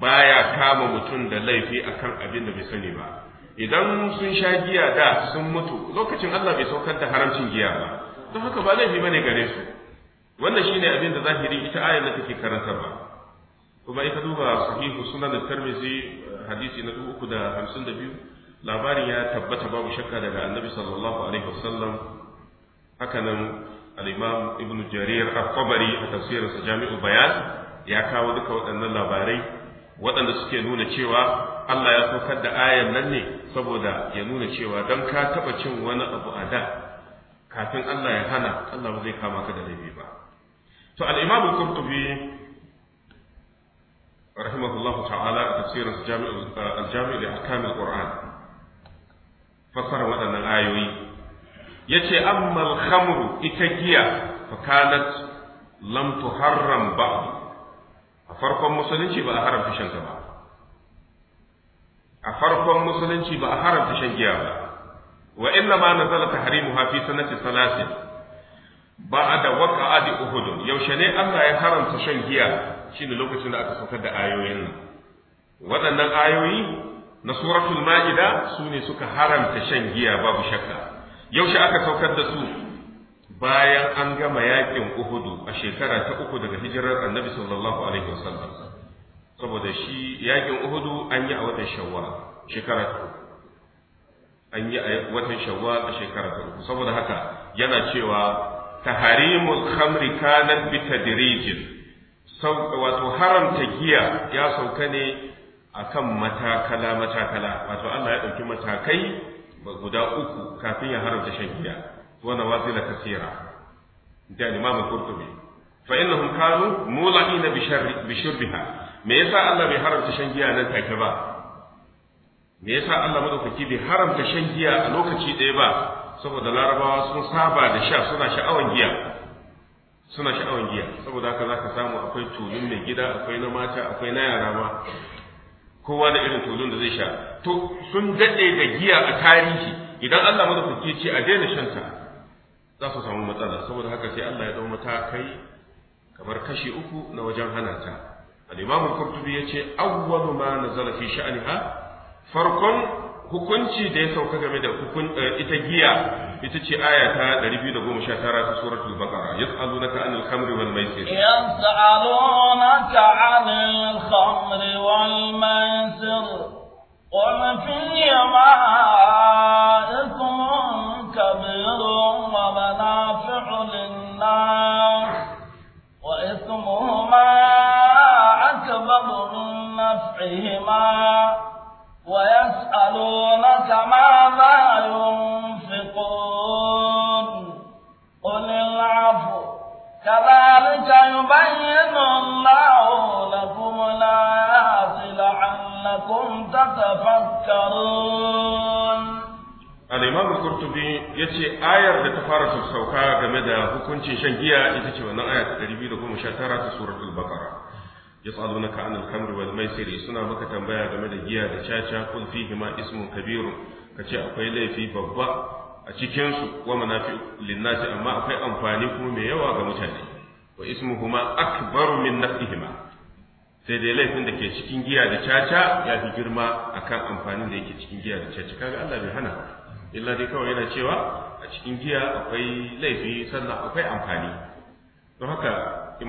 Speaker 2: baya kama mutum da laifi akan abin da bai sani ba idan sun sha giya da sun mutu lokacin Allah bai saukar da haramcin giya ba don haka ba laifi bane gare su wannan shine abin da zahiri ita ayar da take ba.
Speaker 1: kuma ita duba sahihu sunan tarmizi hadisi na 352
Speaker 2: labarin ya tabbata babu shakka daga annabi sallallahu alaihi wasallam haka nan al-imam ibn jarir al-qabari a tafsirinsa Jami'u bayan ya kawo duka waɗannan labarai waɗanda suke nuna cewa Allah ya saukar da ayan nan ne saboda ya nuna cewa don ka taɓa cin wani abu a da kafin Allah ya hana Allah ba zai kama ka da laifi ba to alimamu kurtubi al rahimahullahu ta'ala a tafsirin eh, al-Jami' li ahkam al-Qur'an fassara waɗannan ayoyi yace amma al-khamr ita giya fa kanat lam tuharram ba'd a farkon musulunci ba a haramta shan ba a farkon musulunci ba a haramta shan giya ba wa inna ma nazala ha fi sanati salasin waqa'a di uhud yaushe ne Allah ya haramta shan giya shine lokacin da aka saukar da ayoyin nan waɗannan ayoyi na suratul ma'ida su ne suka haramta shan giya babu shakka yaushe aka saukar da su bayan an gama yakin uhudu a shekara ta uku daga hijirar annabi sallallahu alaihi wasallam saboda shi yakin uhudu an yi a watan shawwal shekara ta an yi a watan shawwal a shekara ta uku saboda haka yana cewa taharimul khamri kanat bi tadrijin wato haramta giya ya sauka ne akan matakala matakala wato Allah ya ɗauki matakai guda uku kafin ya haramta shan giya ونوازل كثيرة ما الإمام القرطبي فإنهم كانوا مولعين بشر بشربها me yasa Allah bai haramta shan giya nan take ba me yasa Allah تشنجيا bai haramta shan giya a lokaci ɗaya ba saboda larabawa sun saba da sha suna sha'awan giya saboda haka zaka samu akwai tulun mai kowa da irin tulun da zai sha to sun daɗe da giya a tarihi idan Allah madaukaki ce a daina shan ta za su samu matsala saboda haka sai Allah ya mata matakai kamar kashi uku na wajen hana ta al-imam al-qurtubi yace awwalu ma nazala sha'ani ha farkon hukunci da ya sauka game da hukun eh, ita giya ita ce aya ta 219 ta suratul baqara yas'alunaka anil khamri wal maisir
Speaker 1: yas'alunaka anil khamri wal maisir قل فيهما إثم كبير ومنافع للناس وإثمهما أكبر من نفعهما ويسألونك ماذا ينفقون قل العفو كذلك يبين الله لكم الآيات لعلكم تتفكرون
Speaker 2: al kurtubi ya ce yace ayar da ta fara sauka game da hukuncin shan giya ita ce wannan aya ta 219 ta suratul baqara yas'alunaka 'anil khamri wal maisiri suna maka tambaya game da giya da caca kul fi hima ismun kabiru kace akwai laifi babba a cikin su wa manafi'u linnasi amma akwai amfani kuma mai yawa ga mutane wa kuma akbaru min nafihima sai dai laifin da ke cikin giya da caca ya fi girma akan amfanin da yake cikin giya da caca kaga Allah bai hana illa dai kawai yana cewa a cikin giya akwai laifi sannan akwai amfani don haka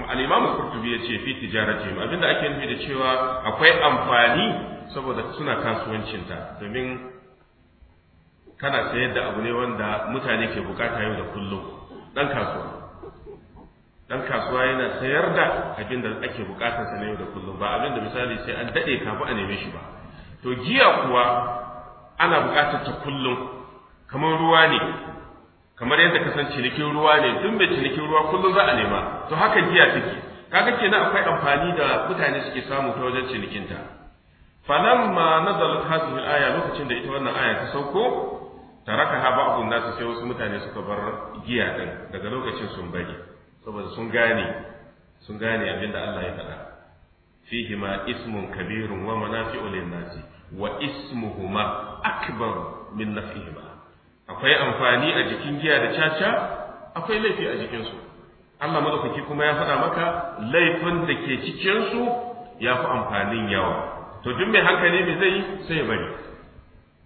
Speaker 2: alimam kurtubi ya ce fi tijarati abinda ake nufi da cewa akwai amfani saboda suna kasuwancinta domin kana sayar da abu ne wanda mutane ke bukata yau da kullum dan kasuwa dan kasuwa yana sayar da abinda ake bukatarsa sa na yau da kullum ba abin misali sai an dade kafi a neme shi ba to giya kuwa ana bukatar ta kullum kamar ruwa ne kamar yadda ka san cinikin ruwa ne duk mai cinikin ruwa kullum za a nema to haka giya take kaga kenan akwai amfani da mutane suke samu ta wajen cinikinta falamma nazalat hadhihi alaya aya lokacin da ita wannan aya ta sauko ha ba'dun nasu sai wasu mutane suka bar giya din daga lokacin sun bari saboda sun gane sun gane abin da Allah ya faɗa fihi ma ismun kabirun wa manafi'u lin-nasi wa ismuhuma akbar min naf'ihima akwai amfani a jikin giya da caca akwai laifi a jikinsu Allah madaukaki kuma ya faɗa maka laifin da ke cikinsu ya fi amfanin yawa to duk mai hankali mai zai yi sai ya bari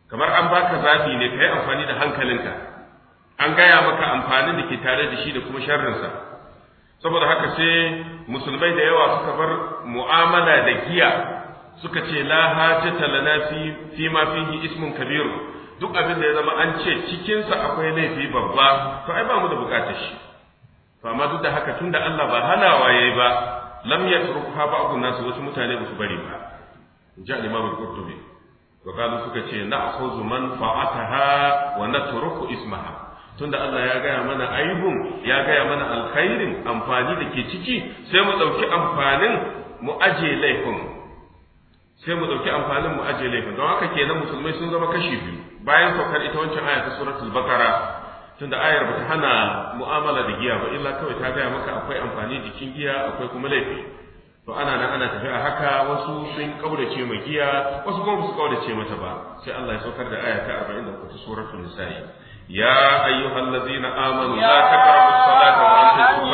Speaker 2: kamar an baka zafi ne ka yi amfani da hankalinka an gaya maka amfanin da ke tare da shi da kuma sharrinsa saboda haka sai musulmai da yawa suka bar mu'amala da giya suka ce la hajata lana fi ma fihi ismun kabiru duk abin da ya zama an ce cikinsa akwai laifi babba to ai ba mu da bukatar shi to amma duk da haka tunda Allah ba halawa yayi ba lam ba ba'd nasu wasu mutane ba su bari ba ja Imam al-Qurtubi wa kalu suka ce akhuzu man fa'ataha wa natruku ismaha tunda Allah ya gaya mana aibun ya gaya mana alkhairin amfani da ke ciki sai mu ɗauki amfanin mu aje laifin sai mu ɗauki amfanin mu aje laifin don haka kenan musulmai sun zama kashi biyu bayan saukar ita wancan aya ta suratul bakara tunda ayar bata hana mu'amala da giya ba illa kawai ta gaya maka akwai amfani jikin giya akwai kuma laifi to ana nan ana tafi a haka wasu sun kaurace mai giya wasu kuma su kaurace mata ba sai Allah ya saukar da aya ta 43 ta suratul nisa'i يا أيها الذين آمنوا لا تقربوا الصلاة وأنتم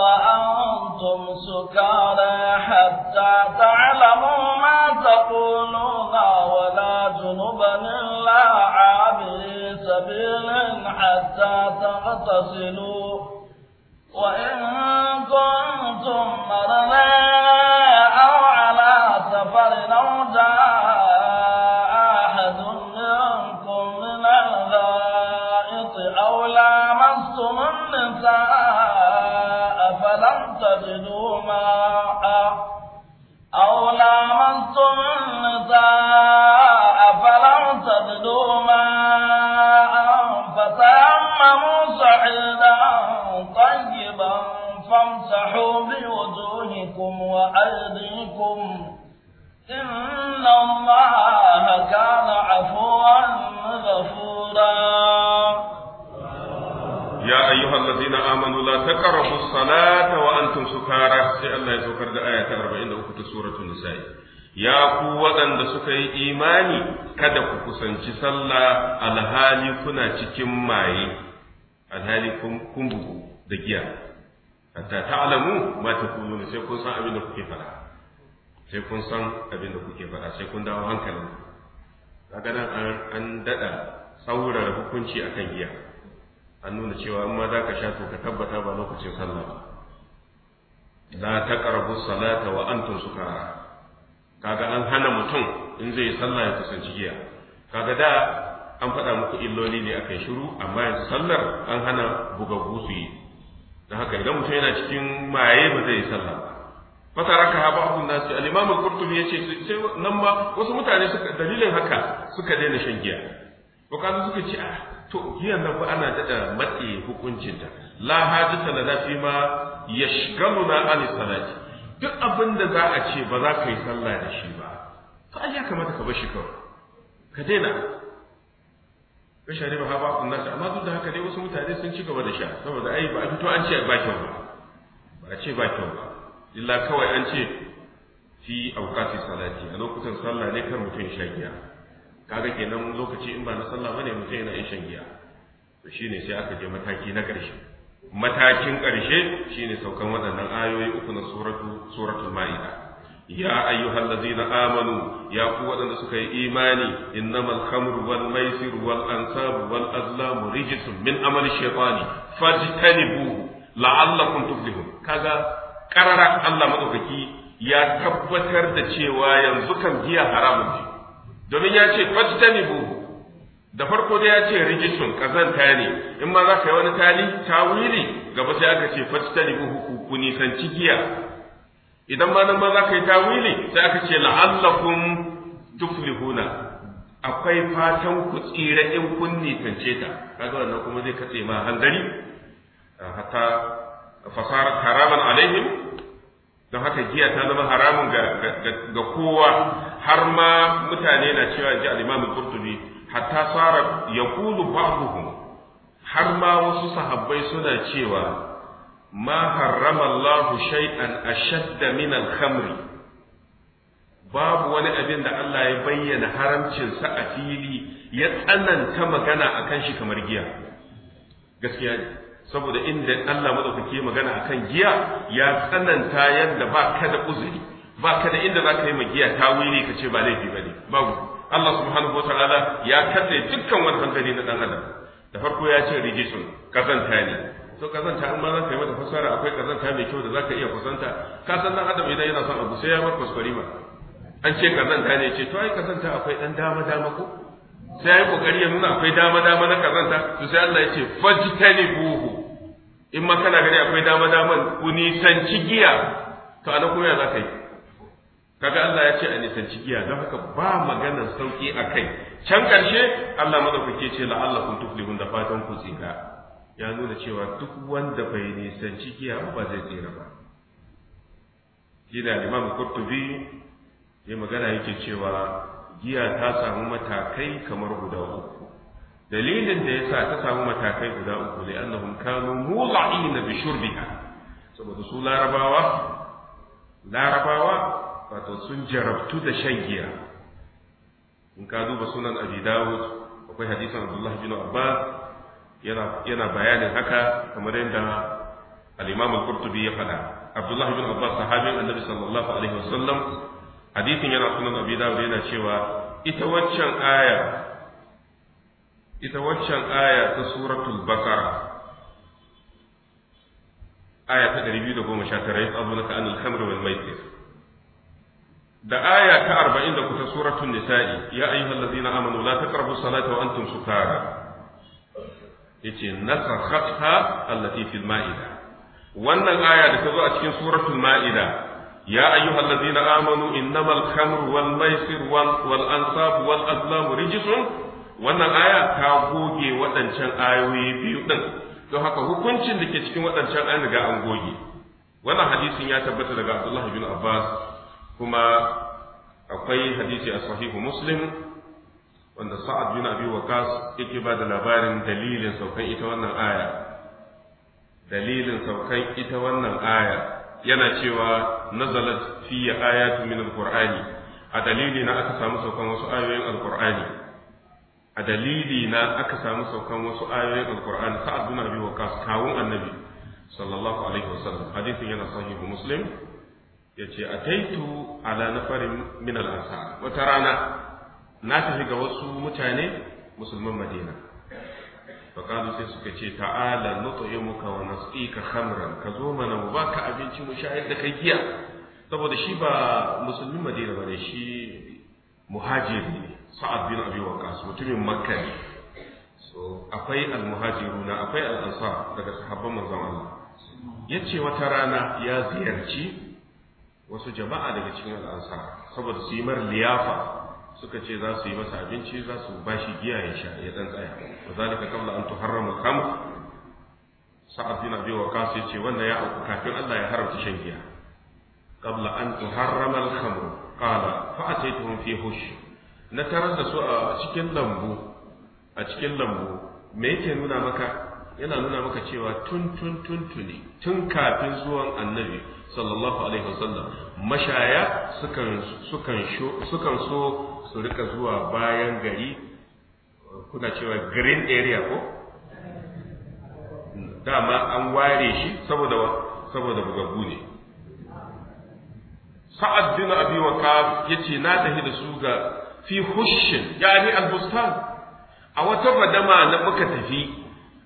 Speaker 1: وأنتم سكارى حتى تعلموا ما تقولون ولا جنبا إلا عابري سبيل حتى تغتسلوا
Speaker 2: amanu la taqrabu salata wa antum sai Allah ya saukar da aya ta 43 ta suratul nisa ya ku waɗanda suka yi imani kada ku kusanci sallah alhali kuna cikin maye alhali kun bugu da giya hatta ta'lamu ma takuluna sai kun san abin da kuke faɗa sai kun san abin da kuke faɗa sai kun dawo hankalinku kaga nan an daɗa saurara hukunci akan giya an nuna cewa in ma za ka sha to ka tabbata ba lokacin sallah ba la taqrabu salata wa antum sukara kaga an hana mutum in zai yi sallah ya kusanci giya kaga da an faɗa muku illoli ne akai shiru amma yanzu sallar an hana buga su yi da haka idan mutum yana cikin maye ba zai yi sallah ba fasara ka abun nasu al-imam al-qurtubi yace sai nan ba wasu mutane suka dalilin haka suka daina shan giya ko kaza suka ce a ah, to giyan nan fa ana daɗa matse hukuncinta la hajata la fi ma yashghaluna an salati duk abin da za a ce ba za ka yi sallah da shi ba to
Speaker 3: ai ya kamata ka
Speaker 2: bar shi kawai ka daina ka share ba ba kun nasa amma duk da haka dai wasu mutane sun ci gaba da sha saboda ai ba a fito an ce ba kyau ba ba a ce ba kyau ba illa kawai an ce fi auqati salati a lokutan sallah ne kar mutum sha giya kaga kenan lokaci in ba na sallah bane mutum yana yin shan giya to shine sai aka je mataki na ƙarshe matakin ƙarshe shine saukan waɗannan ayoyi uku na suratu suratul ma'ida ya ayyuhallazina amanu ya ku waɗanda suka yi imani innamal khamru wal maisir wal ansabu wal azlamu rijsun min amali shaytani fajtanibuhu la'allakum tuflihun kaga qarara Allah madaukaki ya tabbatar da cewa yanzu kan giya haramun ce domin ya ce fajtanibu da farko da ya ce rigisun kazanta ne in ma za ka yi wani tali tawili gaba sai aka ce fajtanibu ku nisanci giya idan ma nan ma za ka yi tawili sai aka ce la'allakum tuflihuna akwai fatan ku tsira in kun nisance ta kaga wannan kuma zai katse ma handari hatta fasara haraman alaihim don haka giya ta zama haramun ga kowa har ma mutane na cewa ji al-Imam Qurtubi hatta sara yaqulu ba'dhum har ma wasu sahabbai suna cewa ma harrama Allah shay'an ashadda min al-khamri babu wani abin da Allah ya bayyana haramcinsa a fili ya tsananta magana a kan shi kamar giya gaskiya ne saboda inda Allah madaukake magana a kan giya ya tsananta yadda ba ka da uzuri ba ka da inda za ka yi magiya ta wuri ka ce ba laifi ba ne babu Allah subhanahu wa ta'ala ya kalle dukkan wani hankali na dan adam da farko ya ce rigisun kazanta ne to kazanta amma ma za ka yi mata fasara akwai kazanta mai kyau da za ka iya kusanta ka san dan adam idan yana son abu sai ya bar kuskure ma an ce kazanta ne ce to ai kazanta akwai dan dama dama ko sai ya kokari ya nuna akwai dama dama na kazanta to sai Allah ya ce fajtani buhu in ma kana gani akwai dama dama ku nisanci giya to anan kuma ya za ka yi kaga Allah ya ce a nisanci giya don haka ba maganar sauki a kai can ƙarshe Allah madaukake ce la'allakum tuflihun da fatan ku tsira ya nuna cewa duk wanda bai nisanci giya ba zai tsira ba shine Imam kurtubi ya magana yake cewa giya ta samu matakai kamar guda uku dalilin da yasa ta samu matakai guda uku li'annahum kanu mula'ina bi shurbiha saboda su larabawa larabawa wato sun jarabtu da shan giya in ka duba sunan abi dawud akwai hadisan abdullahi bin abbas yana yana bayanin haka kamar yadda al-imam al-qurtubi ya faɗa abdullahi bin abbas sahabin annabi sallallahu alaihi wasallam hadisin yana sunan abi dawud yana cewa ita waccan aya ita waccan aya ta suratul baqara aya ta 219 yas'alunaka anil khamri wal maisir da aya ta arba'in da kusa suratun nisa'i ya ayyuhal ladzina amanu la taqrabu salata wa antum sukara yace nasakhatha allati fil ma'ida wannan aya da ta zo a cikin suratul ma'ida ya ayyuhal ladzina amanu innamal khamru wal maisir wal ansab wal azlam rijsun wannan aya ta goge waɗancan ayoyi biyu ɗin don haka hukuncin da ke cikin waɗancan an riga an goge wannan hadisin ya tabbata daga Abdullahi bin Abbas kuma akwai hadisi a sahihu muslim wanda sa'ad bin abi waqas yake ba da labarin dalilin saukan ita wannan aya dalilin saukan ita wannan aya yana cewa nazalat fi ayatu min alqur'ani a dalili na aka samu saukan wasu ayoyin alqur'ani a dalili na aka samu saukan wasu ayoyin alqur'ani sa'ad bin abi waqas kawun annabi sallallahu alaihi wasallam hadisin yana sahihu muslim ya ce a taitu ala nafarin min asa wata rana na tafi ga wasu mutane musulman madina faƙadu sai suka ce ta'ala muka wa ka khamran ka zo mana mu baka abinci mu shayar da kai giya saboda shi ba musulmin madina bane shi muhajiri ne sa'ad bin abi waqas mutumin makka ne so akwai almuhajiruna akwai al-ansar daga sahabban manzon Allah yace wata rana ya ziyarci wasu jama'a daga cikin al'ansa saboda su yi mar liyafa suka ce za su yi masa abinci za su ba shi giya ya sha ya dan tsaya wa zalika qabla an tuharrama kam khamr sa'ad bin abi waqas ya ce wannan ya auku kafin Allah ya haramta shan giya qabla an tuharrama al-khamr qala fa ataytuhum fi hush na tarar da su a cikin lambu a cikin lambu me yake nuna maka yana nuna maka cewa tun tun tun tuni tun kafin zuwan annabi sallallahu alaihi wasallam mashaya sukan so su rika zuwa bayan gari kuna cewa green area ko dama an ware shi saboda saboda bugaggu ne sa'ad bin abi waqaf yace na tafi da su ga fi hushin yani al-bustan a wata badama na muka tafi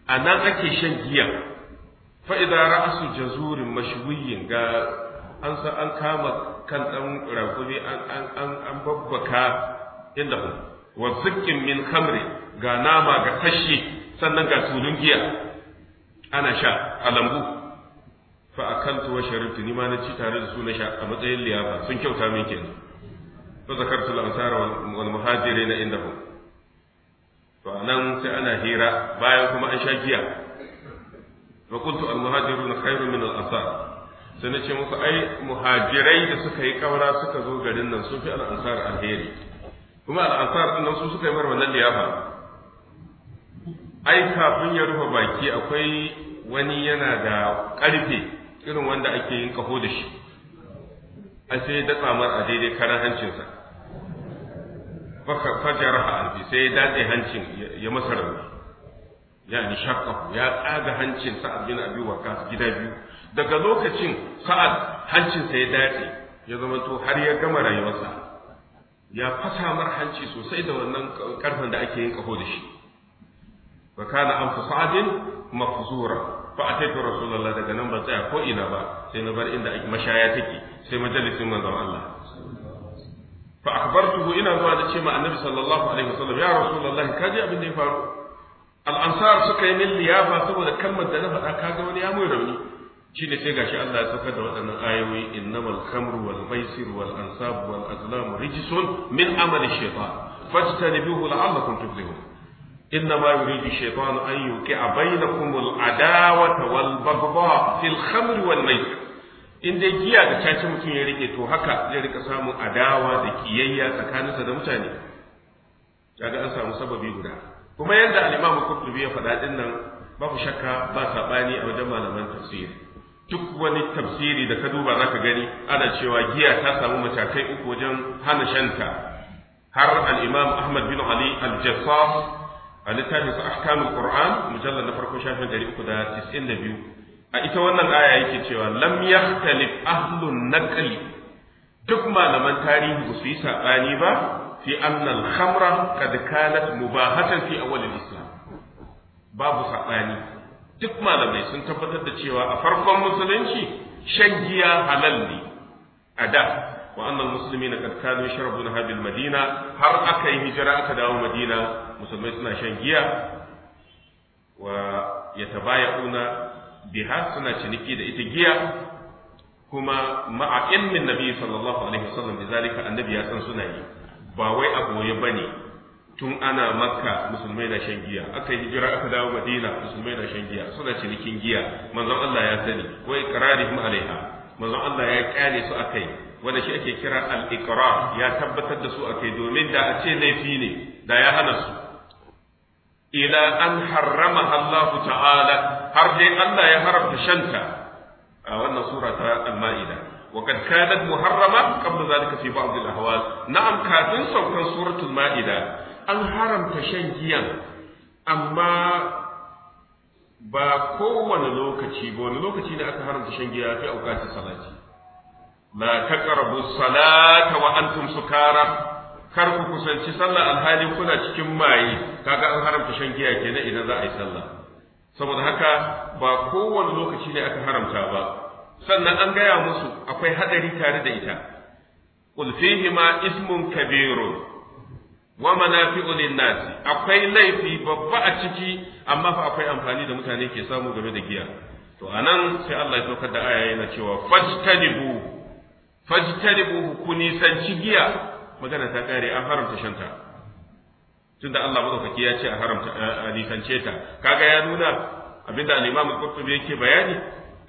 Speaker 2: a nan ake shan giya fa'ida ra'asu jazurin mashwiyin ga an san an kama kan ɗan rakumi an babbaka inda ku wa zikkin min khamri ga nama ga tashi sannan ga tulun giya ana sha a lambu fa akantu wa sharibtu ni ma na ci tare da su na sha a matsayin liyafa sun kyauta min kenan fa zakartu al-ansara wal muhajirin indahum to anan sai ana hira bayan kuma an sha giya fa kuntu al muhajirun khairun min al ansar sai nace musu ai muhajirai da suka yi kaura suka zo garin nan sun fi al ansar alheri kuma al ansar din su suka yi mar nan liyafa ai kafin ya rufe baki akwai wani yana da karfe irin wanda ake yin kaho da shi a sai da tsamar a daidai karan hancinsa fajaraha alfi sai ya datse hancin ya masa yani shaqahu ya tsaga hancin sa'ad bin abi waqas gida biyu daga lokacin sa'ad hancinsa ya dace ya zama to har ya gama rayuwarsa ya fasa mar hanci sosai da wannan karfin da ake yin kaho da shi wa kana an sa'adin mafzura fa ataitu rasulullah daga nan ba tsaya ko ina ba sai na bar inda mashaya take sai majalisin manzon Allah fa akhbartuhu ina zuwa da ce ma annabi sallallahu alaihi wasallam ya rasulullah kaji abin da ya faru al'ansar suka yi min liyafa saboda kalmar da na faɗa ka ga wani ya mai rauni shi ne sai gashi Allah ya saukar da waɗannan ayoyi innamal khamru wal maisir wal ansab wal azlam rijsun min amali shaytan fajtanibuhu la'allakum tuflihun إنما يريد الشيطان أن يوقع بينكم العداوة والبغضاء في الخمر والميسر in dai giya da caci mutum ya rike to haka zai rika samun adawa da kiyayya tsakaninsa da mutane kaga an samu sababi guda kuma yadda Alimam imam ya faɗa din nan babu shakka ba sabani a wajen malaman tafsiri duk wani tafsiri da ka duba zaka gani ana cewa giya ta samu matakai uku wajen hana shanta har al-Imam Ahmad bin Ali al-Jassas a littafin su Ahkamul Qur'an mujallal na farko shafin biyu. a ita wannan aya yake cewa lam yahtalif ahlun naqli duk malaman tarihi ba su yi saɓani ba fi anna al-khamra kad kanat fi awwal al-islam babu sabani duk malamai sun tabbatar da cewa a farkon musulunci shan giya halal ne a da wa annal na kad kanu yashrabuna hadhihi madina har aka yi hijira aka dawo madina musulmai suna shan giya wa una biha suna ciniki da ita giya kuma ma'a ilmin nabi sallallahu alaihi wasallam bizalika annabi ya san suna yi ba wai a goye ba ne tun ana makka musulmai na shan giya aka yi hijira aka dawo madina musulmai na shan giya suna cinikin giya manzon Allah ya sani wa iqrarihim alaiha manzon Allah ya kyale su akai wanda shi ake kira al-iqrar ya tabbatar da su akai domin da a ce laifi ne da ya hana su ila an harrama Allah ta'ala har dai Allah ya haramta shanta a wannan sura ta al-ma'ida وقد كانت محرمة قبل ذلك في بعض الأحوال نعم كاتن سوكان سورة المائدة أن حرم أما ba kowane lokaci ba wani lokaci ne aka haramta shan giya fi aukatin salati la taqrabu salata wa antum sukara kar ku kusanci sallah alhali kuna cikin maye kaga an haramta shan giya kenan idan za a yi sallah saboda haka ba kowane lokaci ne aka haramta ba sannan an gaya musu akwai hadari tare da ita qul ma ismun kabirun wa manafi'u lin-nas akwai laifi babba a ciki amma fa akwai amfani da mutane ke samu game da giya to anan sai Allah ya saukar da aya yana cewa fajtanibu fajtanibu ku nisanci giya magana ta kare an haramta shanta tunda Allah madaukaki ya ce a haramta a nisance ta kaga ya nuna abinda al-Imam Qurtubi yake bayani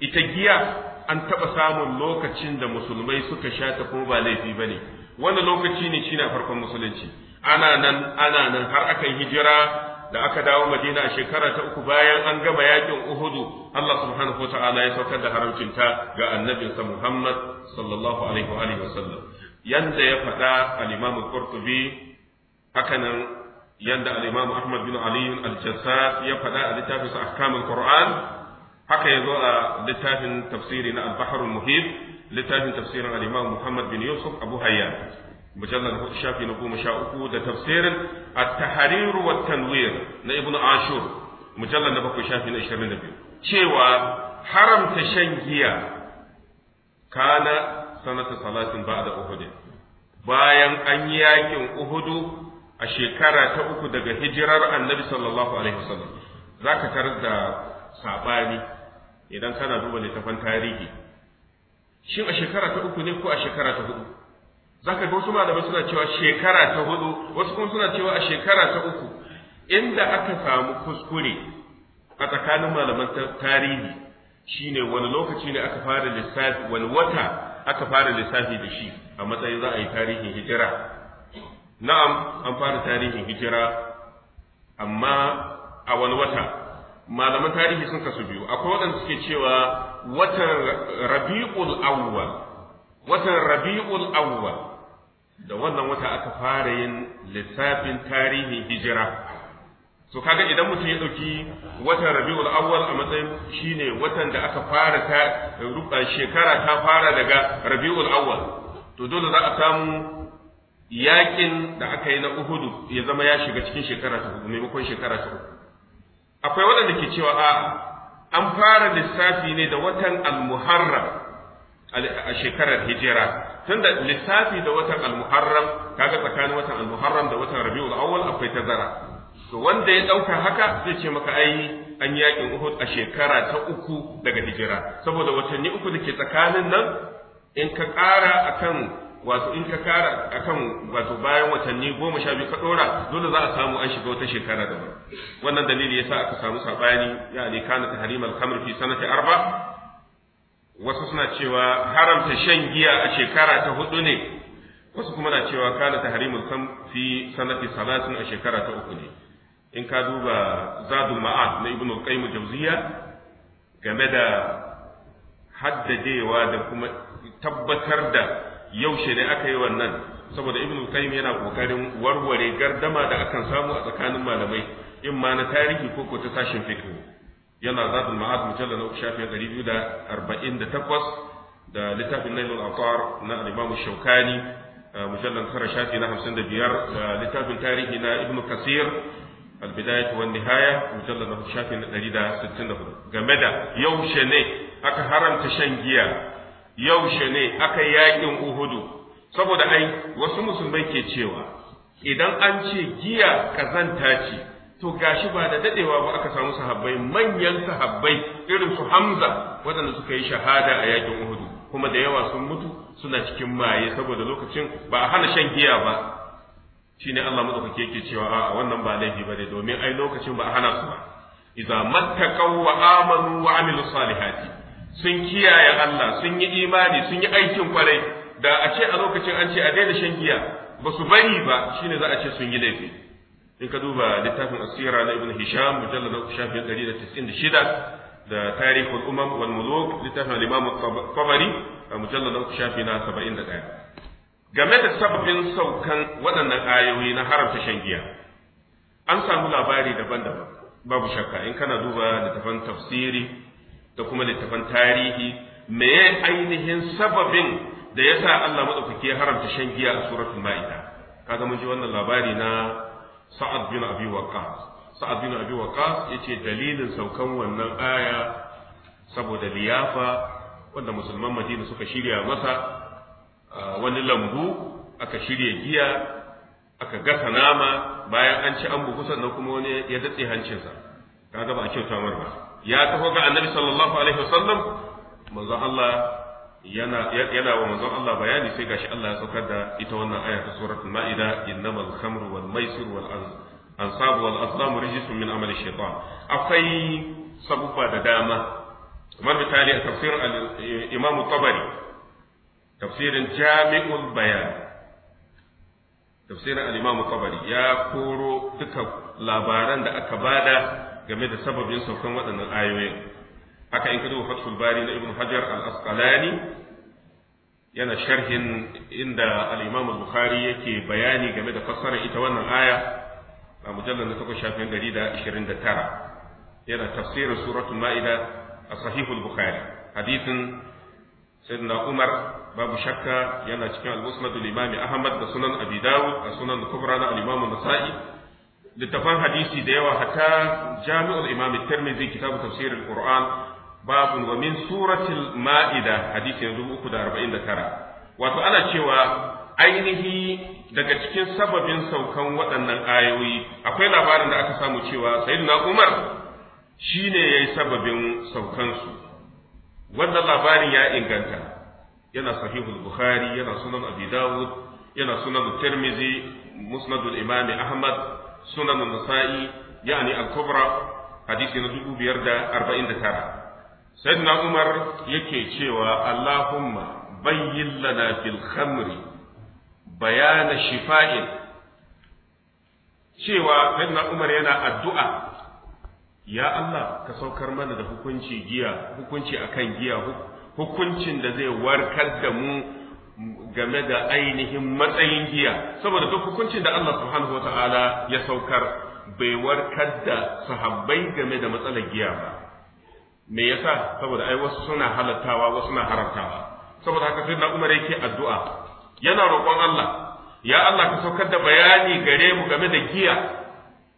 Speaker 2: ita giya an taɓa samun lokacin da musulmai suka sha ta ko ba laifi ba ne wannan lokaci ne shi na farkon musulunci ana nan ana nan har akan hijira da aka dawo madina a shekara ta uku bayan an gama yakin uhudu Allah subhanahu wa ta'ala ya saukar da haramcinta ga annabinsa Muhammad sallallahu alaihi wa alihi wasallam yanda ya faɗa al-Imam Qurtubi hakanan yanda al-Imam Ahmad bin Ali al ya faɗa a littafin sa Ahkamul Qur'an haka ya zo a littafin tafsiri na al-baharul muhib littafin tafsirin al muhammad bin yusuf abu hayyan mujallal hudu shafi na goma sha uku da tafsirin at-tahrir wa tanwir na ibnu ashur mujallar na bakwai shafi na ishirin da biyu. cewa haramta shan giya kana sanata salatin ba'da uhud bayan an yi yakin uhudu a shekara ta uku daga hijirar annabi sallallahu alaihi wasallam ka tarar da sabani idan kana duba littafan tarihi shin a shekara ta uku ne ko a shekara ta hudu zaka ga wasu malamai suna cewa shekara ta hudu wasu kuma suna cewa a shekara ta uku inda aka samu kuskure a tsakanin malaman tarihi shine wani lokaci ne aka fara lissafi wani wata aka fara lissafi da shi a matsayin za a yi tarihin hijira na'am an fara tarihin hijira amma a wani wata malaman tarihi sun kasu biyu akwai waɗanda suke cewa watan rabi'ul awwal watan rabi'ul awwal da wannan wata aka fara yin lissafin tarihin hijira so kaga idan mutum ya ɗauki watan rabi'ul awwal a matsayin shine watan da aka fara ta shekara ta fara daga rabi'ul awwal to dole za a samu yakin da aka yi na uhudu ya zama ya shiga cikin shekara ta uku maimakon shekara ta uku akwai waɗanda ke cewa a an fara lissafi ne da watan al-muharram a shekarar hijira tunda lissafi da watan al-muharram kaga tsakanin watan al-muharram da watan rabiul awwal akwai tazara to wanda ya dauka haka zai ce maka ai an yakin uhud a shekara ta uku daga hijira saboda watanni uku da ke tsakanin nan in ka ƙara akan
Speaker 3: wato in ka kara akan wato bayan watanni goma sha biyu ka dora dole za a samu an shiga wata shekara daban wannan dalili yasa aka samu sabani
Speaker 2: ne kana ta al kamar fi sanati arba wasu suna cewa haramta shan giya a shekara ta hudu ne wasu kuma na cewa kana tahrimul kam fi sanati salasin a shekara ta uku ne in ka duba zadul ma'ad na ibnu qayyim jawziya game da haddadewa da kuma tabbatar da yaushe ne aka yi wannan saboda ibnu qayyim yana kokarin warware gardama da akan samu a tsakanin malamai in ma na tarihi ko ko ta sashin fiqh
Speaker 3: yana zadul ma'ad mujallal na shafi 248 da littafin nailul
Speaker 2: atar na al-imam shaukani mujallal tara shafi na 55 da littafin tarihi na ibnu kasir al-bidayah wa nihaya mujallal na shafi 164 game da yaushe ne aka haramta shan giya yaushe ne aka yakin uhudu saboda ai wasu musulmai ke cewa idan an ce giya kazanta ce to gashi ba da dadewa ba aka samu sahabbai manyan sahabbai irin su Hamza waɗanda suka yi shahada a yakin Uhud kuma da yawa sun mutu suna cikin maye saboda lokacin ba a hana shan giya ba Shi ne Allah madaukake ke cewa a wannan ba laifi ba ne domin ai lokacin ba a hana su ba Iza mattaqaw wa amanu wa amilu salihati sun kiyaye Allah sun yi imani sun yi aikin kwarai da a ce a lokacin an ce a daina shan giya ba su bari ba shine za a ce sun yi laifi in ka duba littafin asira na ibn hisham mujallal na shafin 196 da tarihul umam wal muluk littafin al-imam tabari mujallal na shafi na 71 game da sabbin saukan waɗannan ayoyi na haramta shan giya an samu labari daban-daban babu shakka in kana duba littafin tafsiri da kuma littafan tarihi meye ainihin sababin da yasa Allah madaukake ya haramta shan giya a suratul maida kaga mun ji wannan labari na Sa'ad bin Abi Sa'ad bin Abi Waqqas yace dalilin saukan wannan aya saboda liyafa wanda musulman Madina suka shirya masa wani lambu aka shirya giya aka gasa nama bayan an ci an bugu sannan kuma wani ya datse hancinsa kaga ba a kyauta mar ba ya taho ga annabi sallallahu alaihi wasallam manzon Allah yana yana wa manzon Allah bayani sai gashi Allah ya saukar da ita wannan aya ta suratul maida innamal khamru wal maisir wal ansabu wal azlam rijsun min amali shaytan akwai sabubba da dama kamar misali a tafsirin al-Imam Tabari tafsirin Jami'ul Bayan tafsirin al-Imam Tabari ya koro duka labaran da aka bada game da sababin saukan waɗannan ayoyin haka in ka duba fathul bari na ibn hajar al-asqalani yana sharhin inda al-imam al-bukhari yake bayani game da fassarar ita wannan aya a mujallar da takwas shafin gari da ashirin da tara yana tafsirin suratul ma'ida a sahihul bukhari hadithin sayyidina umar babu shakka yana cikin al-musnad al ahmad da sunan abi dawud da sunan kubra na Alimamin Masa'i. littafan hadisi da yawa hatta jami'ul imam tirmidhi kitabu tafsir al-qur'an babun wa min suratil ma'ida hadisi na 349 wato ana cewa ainihi daga cikin sababin saukan waɗannan ayoyi akwai labarin da aka samu cewa sayyidina umar shine yayi sababin saukan su wannan labarin ya inganta yana sahihul bukhari yana sunan abi dawud yana sunan tirmidhi musnadul imam ahmad sunan nasa'i yani al-kubra hadisi na dubu biyar da arba'in da tara sayyidina umar yake cewa allahumma bayyin lana fil khamri bayana shifa'in cewa sayyidina umar yana addu'a ya allah ka saukar mana da hukunci giya hukunci akan giya hukuncin da zai warkar da mu game da ainihin matsayin giya saboda duk hukuncin da Allah subhanahu wata'ala ya saukar bai warkar da sahabbai game da matsalar giya ba me yasa saboda ai wasu suna halattawa wasu suna haramtawa saboda haka sai na Umar yake addu'a yana roƙon Allah ya Allah ka saukar da bayani gare mu game da giya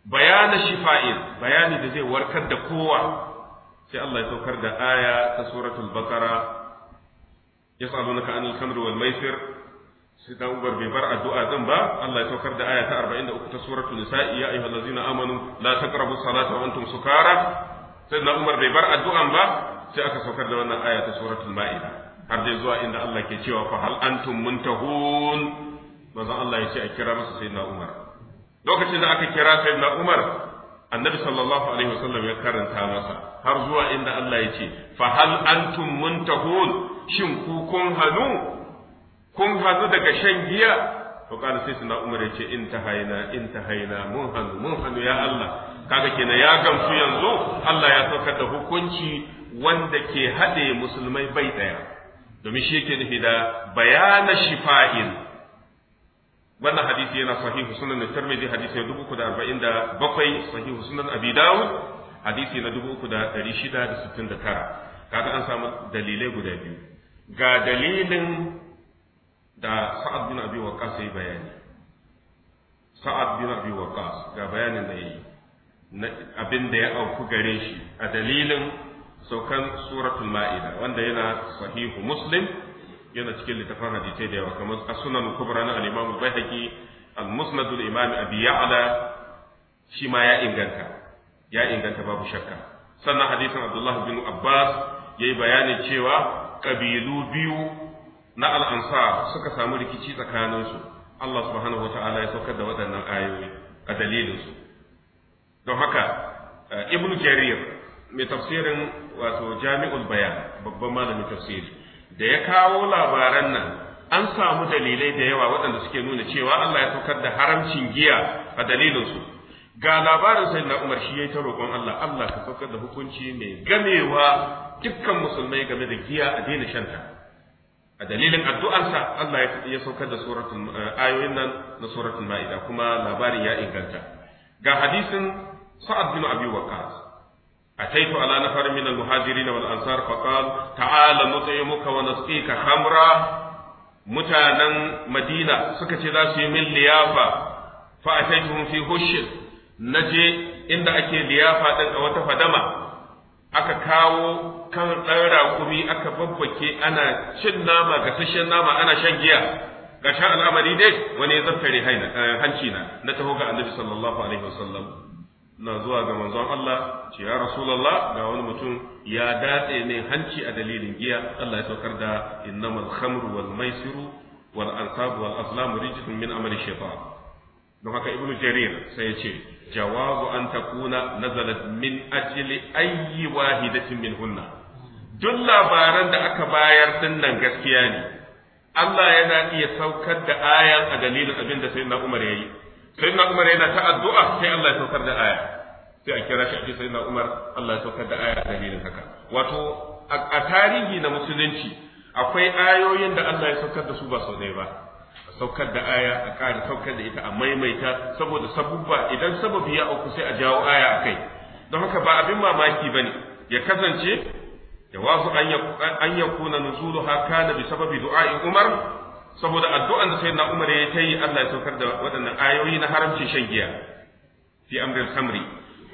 Speaker 2: bayana shifa'in bayani da zai warkar da kowa sai Allah ya saukar da aya ta suratul baqara yas'alunaka anil khamri wal maisir sai da ubar bai bar addu'a din ba Allah ya saukar da aya ta 43 ta suratul nisa'i ya ayyuhallazina amanu la taqrabu salata wa antum sukara sai na umar bai bar addu'an ba sai aka saukar da wannan aya ta suratul ma'ida har dai zuwa inda Allah ke cewa fa hal antum muntahun manzon Allah ya ce a kira masa sai na umar lokacin da aka kira sai na umar annabi sallallahu alaihi wasallam ya karanta masa har zuwa inda Allah ya ce fa hal antum muntahun shin ku kun hannu kun hannu daga shan giya to kana sai suna umar ya ce in ta haina in ta haina mun hannu mun hannu ya Allah kaga kenan ya gamsu yanzu Allah ya saukar da hukunci wanda ke haɗe musulmai bai ɗaya domin shi ke nufi da bayana shifa'in wannan hadisi yana sahihu sunan tirmidhi hadisi na dubu uku da arba'in da bakwai sahihu sunan abi dawud hadisi na dubu uku da ɗari shida da sittin da tara kaga an samu dalilai guda biyu ga dalilin da sa'ad bin abi waqas yayi bayani sa'ad bin abi waqas ga bayanin da yayi abin da ya auku gare shi a dalilin saukan suratul ma'ida wanda yana sahihu muslim yana cikin littafin hadisai da yawa kamar as-sunan kubra na al-imam al-baihaqi al-musnad al-imam abi ya'la shi ma ya inganta ya inganta babu shakka sannan hadisin abdullah bin abbas yayi bayani cewa kabilu biyu na al'ansa suka samu rikici tsakaninsu Allah subhanahu wa ta'ala ya saukar da waɗannan ayoyi a dalilinsu don haka eh, Ibn jarir mai tafsirin wato jami'ul bayan babban malamin tafsiri da ya kawo labaran nan an samu dalilai da yawa waɗanda suke nuna cewa Allah ya saukar da haramcin giya a dalilinsu ga labarin sai na Umar shi yayi ta roƙon Allah Allah ka saukar da hukunci mai gamewa dukkan musulmai game da giya a daina shanta a dalilin addu'arsa Allah ya saukar da suratul eh, ayoyin nan na suratul maida kuma labarin ya inganta ga hadisin Sa'ad bin Abi Waqqas أتيت على نفر من المهاجرين والأنصار فقال تعال نطعمك ونسقيك خمرا متانا مدينة سكت ذا من ليافة فأتيتهم في هشر na je inda ake liyafa ɗin a wata fadama aka kawo kan ɗan raƙumi aka babbake ana cin nama gasashen nama ana shan giya ga sha al'amari dai wani ya zaftare eh, hanci na na taho ga annabi sallallahu alaihi wasallam
Speaker 3: na zuwa ga manzon Allah ce ya rasulullah ga wani mutum ya datse ne hanci a dalilin giya Allah ya saukar da innamal khamru wal
Speaker 2: maisiru wal ansabu wal azlamu min amali shaytan don haka ibnu jarir sai ya ce jawabu an takuna nazalat min ajli ayyi wahidatin minhunna duk labaran da aka bayar dinnan gaskiya ne Allah yana iya saukar da ayan a dalilin abin da sayyidina Umar yayi sayyidina Umar yana ta addu'a sai Allah ya saukar da aya sai a kira shi a ce sayyidina Umar Allah ya saukar da aya a dalilin haka wato a tarihi na musulunci akwai ayoyin da Allah ya saukar da su ba sau ɗaya ba saukar da aya a ƙara saukar da ita a maimaita saboda sabubba idan sababi ya auku sai a jawo aya a kai don haka ba abin mamaki ba ne ya kasance da wasu an ya kuna nuzulu haka kana bi sababi du'a'in umar saboda addu'an da sai na umar ya ta yi Allah ya saukar da waɗannan ayoyi na haramci shan giya fi amrin samri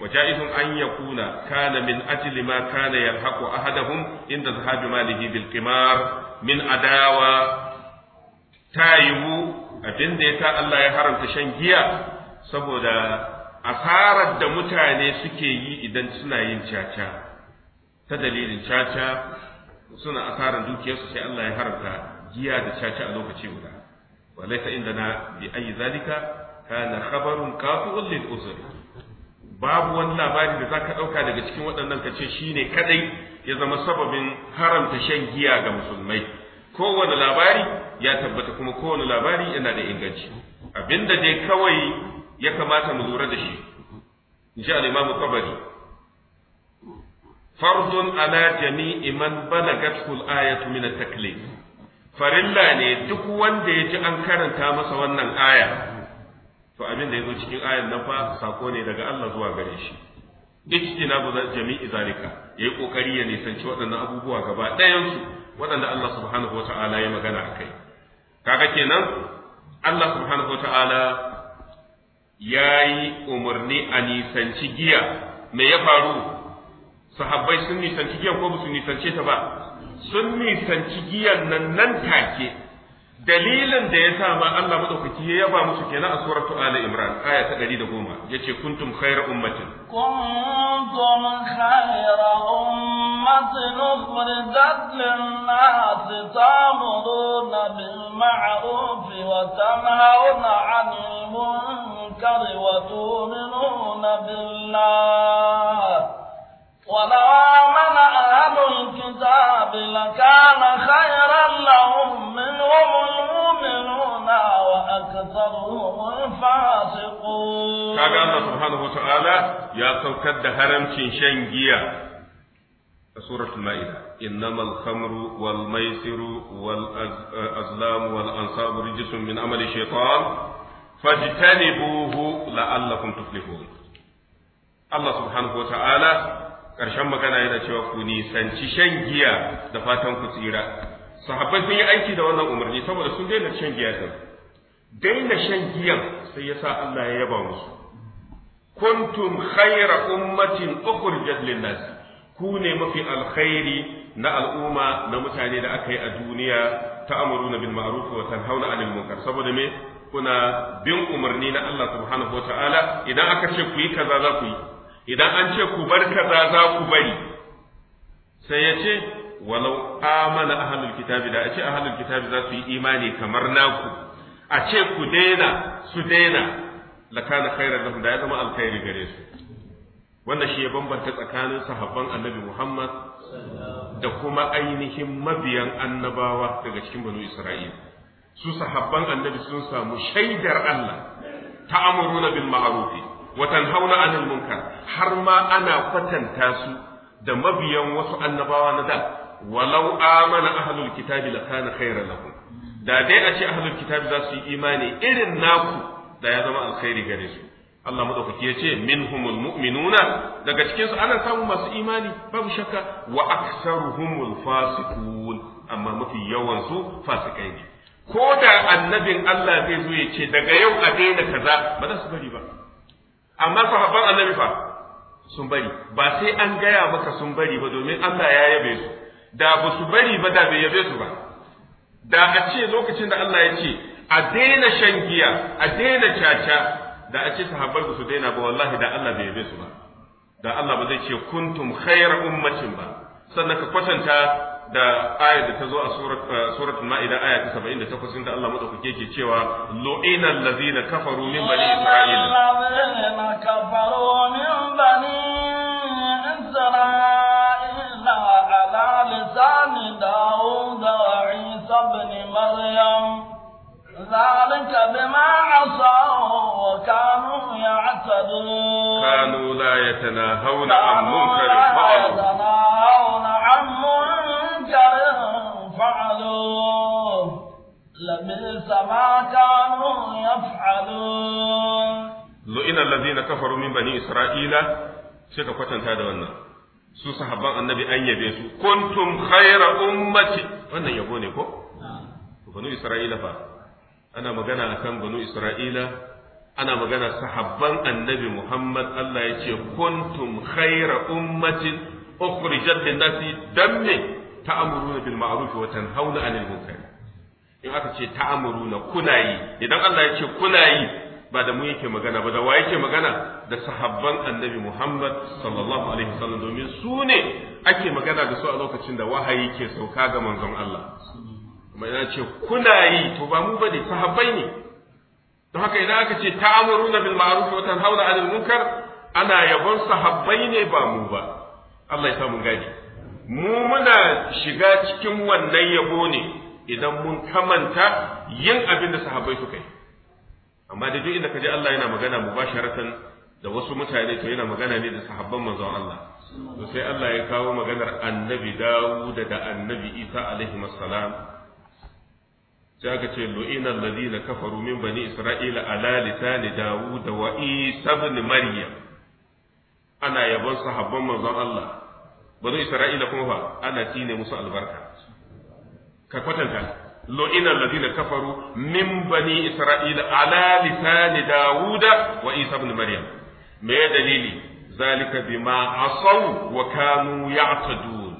Speaker 2: wa ja'izun an yakuna kana min ajli ma kana yalhaqu ahaduhum inda zahabi malihi bil qimar min adawa ta yiwu abin da ya sa Allah ya haramta shan giya saboda asarar da mutane suke yi idan suna yin caca ta dalilin caca suna asarar dukiyarsu sai Allah ya haramta giya da caca a lokaci guda walaysa na bi ayi zalika kana khabarun kafi'un lil uzr babu wani labari da zaka dauka daga cikin waɗannan kace shine kadai ya zama sababin haramta shan giya ga musulmai kowane labari ya tabbata kuma kowane labari yana da inganci abinda dai kawai ya kamata mu lura da shi in sha al-imamu kabari fardun ala jami'i man balagat kul ayatu min at farilla ne duk wanda ya ji an karanta masa wannan aya to abin da ya zo cikin ayan nan fa sako ne daga Allah zuwa gare shi na ijtinabu jami'i zalika yayi kokari ya nisanci waɗannan abubuwa gaba ɗayan waɗanda Allah subhanahu wata'ala ya magana akai kaga kenan Allah subhanahu wata'ala yayi umarni a nisanci giya me ya faru sahabbai sun nisanci giya ko ba su nisance ta ba sun nisanci giyan nan nan take dalilin da ya sa ma Allah madaukaki ya yaba musu kenan a suratu Ali Imran aya ta 110 yace kuntum khayra ummatin
Speaker 1: kuntum khayra ummatin ukhrijat lin-nas ta'muruna bil ma'ruf wa tanhauna 'anil munkar wa tu'minuna billah ولو آمن أهل الكتاب لكان خيرا لهم منهم المؤمنون وأكثرهم الفاسقون كان الله
Speaker 2: سبحانه وتعالى يأتوك سوكد هرم شن جيا سورة المائدة إنما الخمر والميسر والأزلام والأنصاب رجس من عمل الشيطان فاجتنبوه لعلكم تفلحون الله سبحانه وتعالى ƙarshen magana yana cewa ku nisanci shan giya da fatan ku tsira sahabbai sun yi aiki da wannan umarni saboda sun daina shan giya din daina shan giyan sai yasa Allah ya yaba musu kuntum khayra ummatin ukhrijat lin ku ne mafi alkhairi na al'umma na mutane da aka yi a duniya ta'amuruna bil ma'ruf wa tanhauna 'anil munkar saboda me kuna bin umarni na Allah subhanahu idan aka ce ku yi kaza za ku yi idan an ce ku bar kaza za ku bari sai ya ce walau amana ahlul kitabi da a ce ahlul kitabi za su yi imani kamar naku a ce ku daina su daina lakana khairan lahum da ya zama alkhairi gare su wanda shi ya bambanta tsakanin sahabban annabi Muhammad da kuma ainihin mabiyan annabawa daga cikin banu Isra'ila su sahabban annabi sun samu shaidar Allah ta'amuruna bil ma'arufi. Watan hauna 'anil munkar har ma ana kwatanta su da mabiyan wasu annabawa na da walau amana ahlul kitabi lakana khairan lahum da dai a ce ahlul kitabi za su yi imani irin naku da ya zama alkhairi gare su Allah madaukaki ya ce minhumul mu'minuna daga cikin su ana samu masu imani babu shakka wa aktsaruhumul fasiqun amma mafi yawan su fasikai ne ko da annabin Allah zai zo ya ce daga yau a daina kaza ba za su bari ba amma sahabban annabi fa sun bari ba sai an gaya maka sun bari ba domin Allah ya yabe su da ba su bari ba da bai yabe su ba da a ce lokacin da Allah ya ce a daina shan giya a daina caca da a ce sahabbai su daina ba wallahi da Allah bai yabe su ba da Allah ba zai ce kuntum khairu ummatin ba sannan ka kwatanta da ayar da ta zo a eh, ma'ida aya ta inda Allah ke cewa lu'ina allazina kafaru min bani isra'il
Speaker 1: allazina kafaru min bani ala daud wa isa ibn maryam ذلك بما عصوا وكانوا يعتدون كانوا
Speaker 2: لا يتناهون عن منكر فعلوا
Speaker 1: شر فعلوه لبئس ما كانوا يفعلون
Speaker 2: لئن الذين كفروا من بني إسرائيل sai ka kwatanta da wannan su sahabban annabi an yabe su kuntum khayra ummati wannan yabo ne ko banu isra'ila fa ana magana akan banu isra'ila ana magana sahabban annabi muhammad Allah ya ce kuntum khayra ummatin ukhrijat lin-nasi dan me ta'muruna bil ma'ruf wa tanhauna 'anil munkar in aka ce ta'muruna kuna yi idan Allah ya ce kuna yi ba da mu yake magana ba da wa yake magana da sahabban annabi Muhammad sallallahu alaihi wasallam domin su ne ake magana da su a lokacin da wahayi ke sauka ga manzon Allah kuma ina ce kuna yi to ba mu ba ne, sahabbai ne don haka idan aka ce ta'muruna bil ma'ruf wa tanhauna 'anil munkar ana yabon sahabbai ne ba mu ba Allah ya samu gadi mu muna shiga cikin wannan yabo ne idan mun kamanta yin abin da sahabbai suka yi amma da duk inda kaje Allah yana magana mubasharatan da wasu mutane to yana magana ne da sahabban manzon Allah to sai Allah ya kawo maganar annabi Dawud da annabi Isa alaihi wassalam sai aka ce lu'ina alladhina kafaru min bani isra'ila ala lisani Dawud wa Isa ibn Maryam ana yabon sahabban manzon Allah banu isra'ila kuma fa ana tine musu albarka ka kwatanta ina alladhina kafaru min bani isra'ila ala lisani dawuda wa isa ibn maryam me dalili zalika bima asaw wa kanu ya'tadun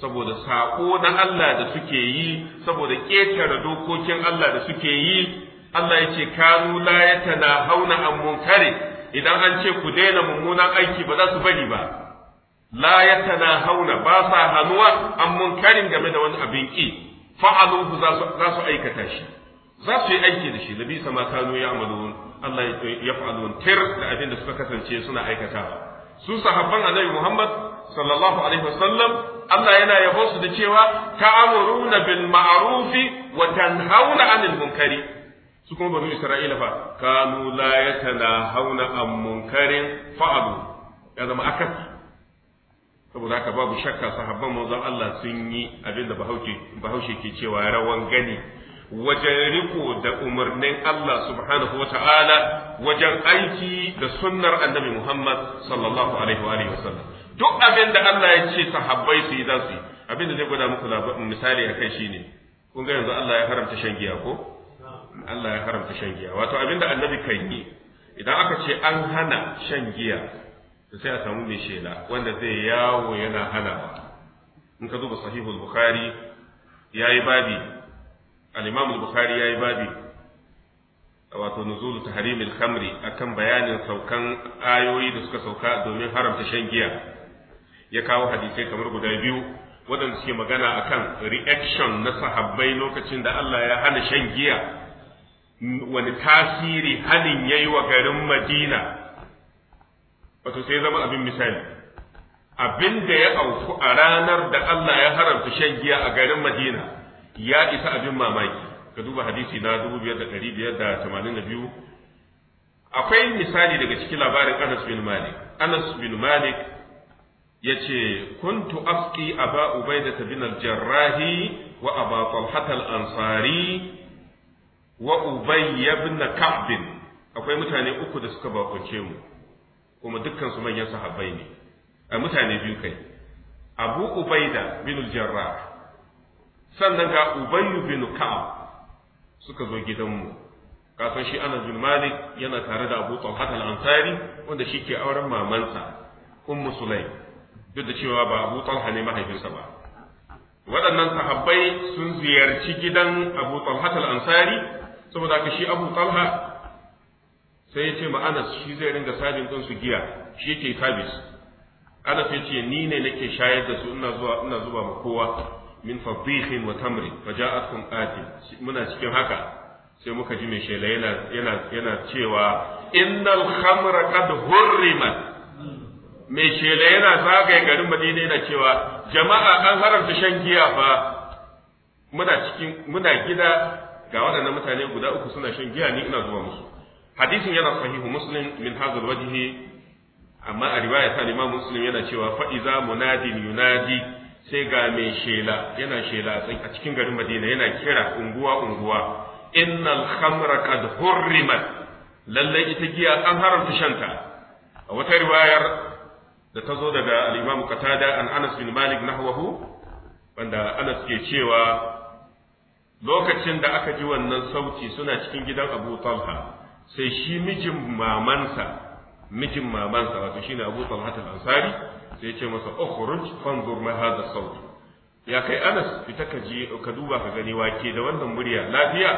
Speaker 2: saboda sako na Allah da suke yi saboda ƙetare dokokin Allah da suke yi Allah ya ce kanu la hauna an munkari idan an ce ku daina mummunan aiki ba za su bari ba la yatanahawna ba sa hanuwa an munkarin game da wani abin ki za su aikata shi za su yi aiki da shi labisa ma kanu ya amalun Allah ya fa'alun tir da abin da suka kasance suna aikatawa su sahabban annabi Muhammad sallallahu alaihi wasallam Allah yana yabo su da cewa ta'amuruna bil ma'rufi wa tanhauna 'anil munkari su kuma banu Isra'ila fa kanu ya zama saboda haka babu shakka sahabban manzon Allah sun yi abinda bahaushe bahaushe ke cewa rawan gani wajen riko da umarnin Allah subhanahu wa wajen aiki da sunnar annabi Muhammad sallallahu alaihi wa wasallam duk abin da Allah ya ce sahabbai su yi za su abin da zai gwada muku misali akan shi ne kun ga yanzu Allah ya haramta shan giya ko Allah ya haramta shan giya wato abin da annabi kan yi idan aka ce an hana shan giya sai a samu mai shela wanda zai yawo yana ba. in ka duba sahihul bukhari yayi babi al-imam al-bukhari yayi babi wato nuzulu Harimil khamri akan bayanin saukan ayoyi da suka sauka domin haramta shan giya ya kawo hadisai kamar guda biyu waɗanda suke magana akan reaction na sahabbai lokacin da Allah ya hana shan giya wani tasiri hanin yayi wa garin Madina wato sai zama abin misali abin da ya auku a ranar da Allah ya haramta shan giya a garin Madina ya isa abin mamaki ka duba hadisi na 5582 akwai misali daga cikin labarin Anas bin Malik Anas bin Malik yace kuntu afki aba ba bin al-jarrahi wa aba talhat al-ansari wa ubay ibn ka'b akwai mutane uku da suka bakunce mu kuma dukkan su manyan sahabbai ne a eh, mutane biyu kai abu ubaida bin jarra. sannan ga ubayyu bin ka'ab suka zo gidanmu kasan shi ana bin malik yana tare da abu talhat ansari wanda shi ke auren mamansa ummu sulaim duk da cewa ba abu talha ne mahaifinsa ba waɗannan sahabbai sun ziyarci gidan abu talhat ansari saboda ka shi abu talha sai ya ce ma Anas shi zai ringa sajin din su giya shi yake sabis Anas ya ce ni ne nake shayar da su ina zuwa ina zuba ma kowa min fadhihin wa tamri faja'atkum ati muna cikin haka sai muka ji mai shela yana yana yana cewa innal khamra qad hurrimat mai shela yana zagaye garin Madina yana cewa jama'a an haramta shan giya fa muna cikin muna gida ga waɗannan mutane guda uku suna shan giya ni ina zuwa musu hadisin yana sahihu muslim wajhi
Speaker 1: amma a riwaya ta imam muslim yana cewa fa iza munadin
Speaker 2: yunadi sai ga mai shela yana shela a cikin garin madina yana kira unguwa unguwa innal khamra qad hurrimat lalle ita giya an haramta shanta a wata riwayar da ta zo daga al-imam qatada an anas bin malik nahwahu wanda anas ke cewa lokacin da aka ji wannan sauti suna cikin gidan abu talha sai shi mijin mamansa mijin mamansa wato shine Abu Talha al-Ansari sai ya ce masa ukhruj fanzur ma hadha sawt ya kai Anas fita ka ji ka duba ka gani wake da wannan murya lafiya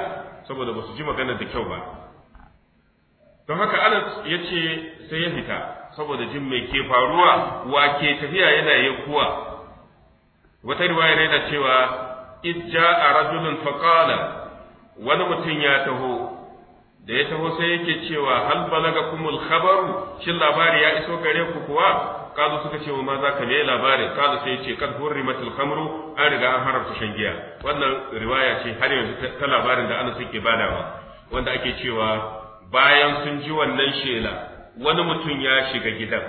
Speaker 2: saboda ba su ji magana da kyau ba don haka Anas ya ce sai ya fita saboda jin mai ke faruwa wake tafiya yana yankuwa wata riwayar yana cewa idja a rajulun faqala wani mutum ya taho da ya taho sai yake cewa hal kumul khabaru shin labari ya iso gare ku kuwa kazo suka ce wa ma za ka me labarin kazo sai ce kad hurrimatul khamru an riga an haramta shan giya wannan riwaya ce har yanzu ta labarin da Anas yake badawa wanda ake cewa bayan sun ji wannan shela wani mutum ya shiga gidan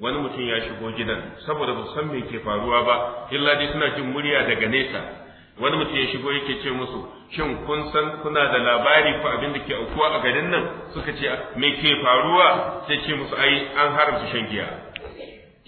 Speaker 2: wani mutum ya shigo gidan saboda ba san me ke faruwa ba illa dai suna jin murya daga nesa wani mutum ya shigo yake ce musu shin kun san kuna da labari ko abin da ke aukuwa a garin nan suka ce me ke faruwa sai ce musu ai an haramta shan giya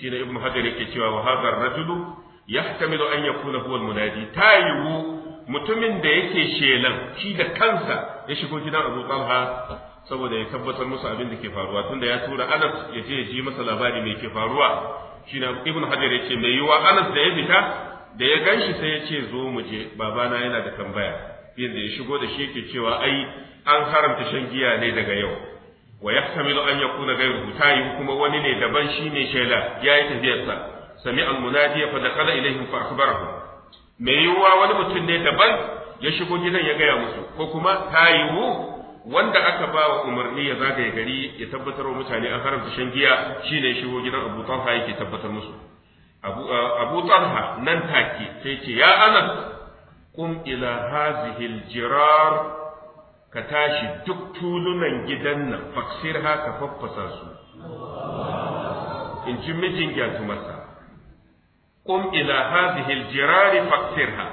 Speaker 2: shi ne ibnu hajar yake cewa wa hadar rajulu yahtamilu an yakuna huwa munadi ta yiwu mutumin da yake shelan shi da kansa ya shigo gidan Abu Talha saboda ya tabbatar musu abin da ke faruwa tunda ya tura Anas ya ce ya ji masa labari me ke faruwa shine ibnu hajar yace mai yiwa Anas da ya fita da ya gan shi sai ya ce zo mu je babana yana da tambaya yadda ya shigo da shi yake cewa ai an haramta shan giya ne daga yau wa yahtamilu an yakuna ghayruhu tayi kuma wani ne daban shine shaila yayi tafiyarsa sami al-munadi fa dakhala ilaihim fa akhbarahu me yiwuwa wani mutum ne daban ya shigo gidan ya gaya musu ko kuma tayiwu wanda aka ba wa umarni ya zagaye gari ya tabbatar wa mutane an haramta shan giya shine shigo gidan Abu Talha yake tabbatar musu Uh, abu talha nan take sai ce ya anas kum ila hazihil jirar ka tashi duk tulunan gidan nan faksir haka faffasa su in ji mijin gyatu masa kum ila hazihil jirari ha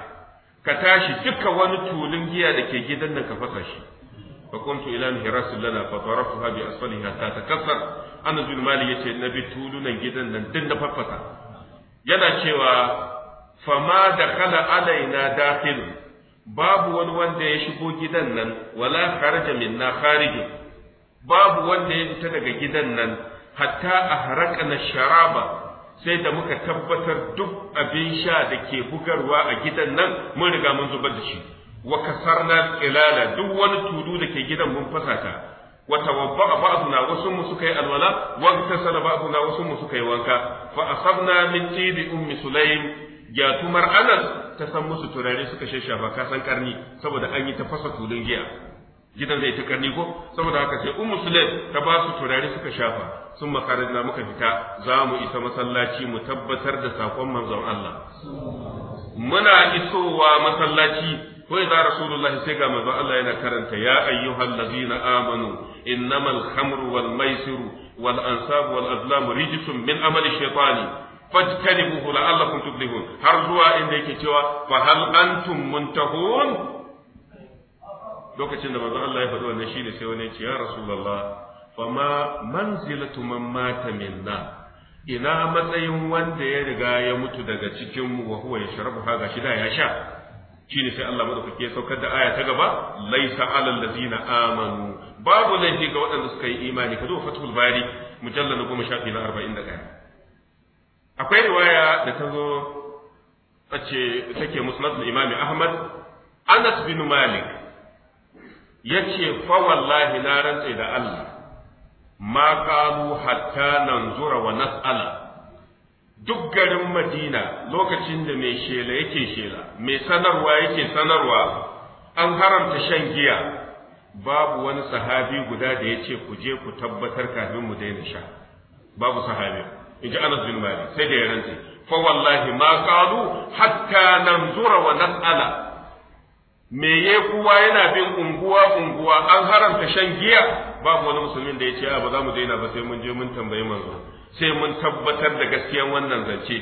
Speaker 2: ka tashi duka wani tulun giya da ke gidan nan ka fasa shi فقمت إلى نهر لنا فطرفها بأسفلها حتى تكسر أنا ذو المال tulunan gidan nan جدا لن faffasa. yana cewa fama da kala alaina dakhil babu wani wanda ya shigo gidan nan wala kharaja na kharijun babu wanda ya fita daga gidan nan hatta a na sharaba sai da muka tabbatar duk abin sha da ke bugarwa a gidan nan mun riga mun zubar da shi wa kasarna ilala duk wani tudu da ke gidan mun fasa ta wa tawadda'a ba'duna wasu mu suka yi alwala wa tasala ba'duna wasu mu suka yi wanka fa asabna min tibi ummi sulaim ya tumar anas ta san musu turare suka shashafa ka san karni saboda an yi tafasa tulun giya gidan zai ta karni ko saboda haka sai ummu sulaim ta ba su turare suka shafa sun makaranta muka fita za mu isa masallaci mu tabbatar da sakon manzon Allah muna isowa masallaci wai za rasulullahi sai ga manzon Allah yana karanta ya ayyuhal ladzina amanu innamal khamru wal maisiru wal ansabu wal azlamu rijsun min amali shaytani fajtanibuhu la'allakum tuflihun har zuwa inda yake cewa fa hal antum muntahun lokacin da manzon Allah ya faɗi wannan shine sai wani ya ce ya rasulullah fama manzilatu man mata minna ina matsayin wanda ya riga ya mutu daga cikin mu wa huwa yashrabu haga shida ya sha shine sai Allah madaukake ya saukar da aya ta gaba laisa alal ladina amanu babu laifi ga waɗanda suka yi imani ka zo fatul bari mujalla na goma sha biyu na arba'in da ɗaya akwai riwaya da ta zo tace take musnad imami ahmad anas bin malik yace fa wallahi na rantse da Allah ma qalu hatta nanzura wa nas'ala duk garin madina lokacin da mai shela yake shela mai sanarwa yake sanarwa an haramta shan giya babu wani sahabi guda da ya ce ku je ku tabbatar kafin mu daina sha babu sahabi in ji anas bin malik sai da ya fa wallahi ma qalu hatta nanzura wa nas'ala me ye kuwa yana bin unguwa unguwa an haramta shan giya babu wani musulmin da ya ce ba za mu daina ba sai mun je mun tambayi manzo sai mun tabbatar da gaskiyar wannan zance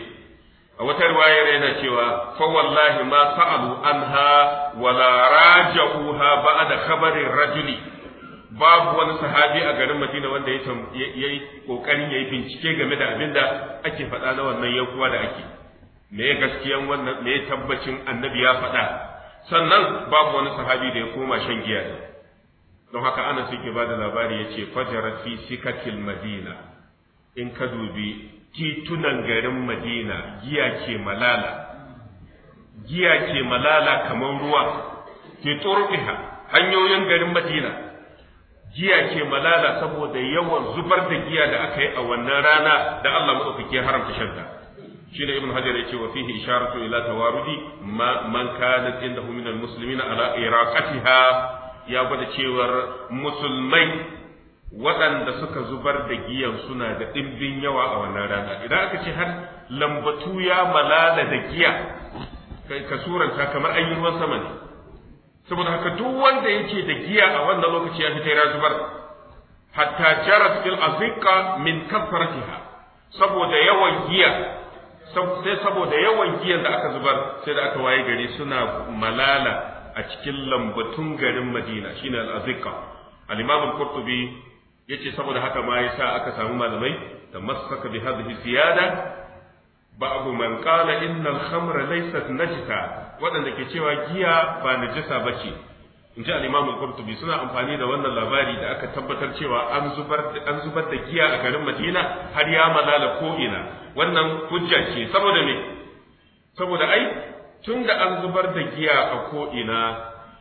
Speaker 2: a wata riwayar yana cewa fa wallahi ma sa'alu anha wala raja'uha ba'da khabarin rajuli babu wani sahabi a garin Madina wanda ya yi kokarin yayi bincike game da abin da ake faɗa na wannan yankuwa da ake me gaskiyan wannan me tabbacin annabi ya faɗa sannan babu wani sahabi da ya koma shan giya don haka ana suke ba da labari ya ce fajarar fi sikakil madina in ka dubi titunan garin madina giya ce malala giya ce malala kamar ruwa ke turbiha hanyoyin garin madina giya ce malala saboda yawan zubar da giya da aka yi a wannan rana da Allah maɗaukaki ya haramta shanta shi ne ibn hajar ya ce wa fihi isharatu ila tawarudi man kana indahu min al-muslimina ala iraqatiha ya gwada cewar musulmai
Speaker 3: waɗanda suka zubar da giyan suna da ɗimbin yawa a wannan rana idan aka ce har lambatu ya malala
Speaker 2: da giya ka suranta kamar an yi ruwan sama ne saboda haka duk wanda yake da giya a wannan lokaci ya fita ya zubar hatta jarat fil azika min kafaratiha saboda yawan giya sai saboda yawan giyan da aka zubar sai da aka waye gari suna malala a cikin lambatun garin Madina shine al azika al-imam al-qurtubi yace saboda haka ma yasa aka samu malamai tamassaka bi hadhihi ziyada ba'du man qala inna al-khamra laysat najsa wadanda ke cewa giya ba najasa bace in ji al-imam al-qurtubi suna amfani da wannan labari da aka tabbatar cewa an zubar an zubar da giya a garin Madina har ya malala ko ina wannan hujja ce saboda me saboda ai tunda an zubar da giya a ko ina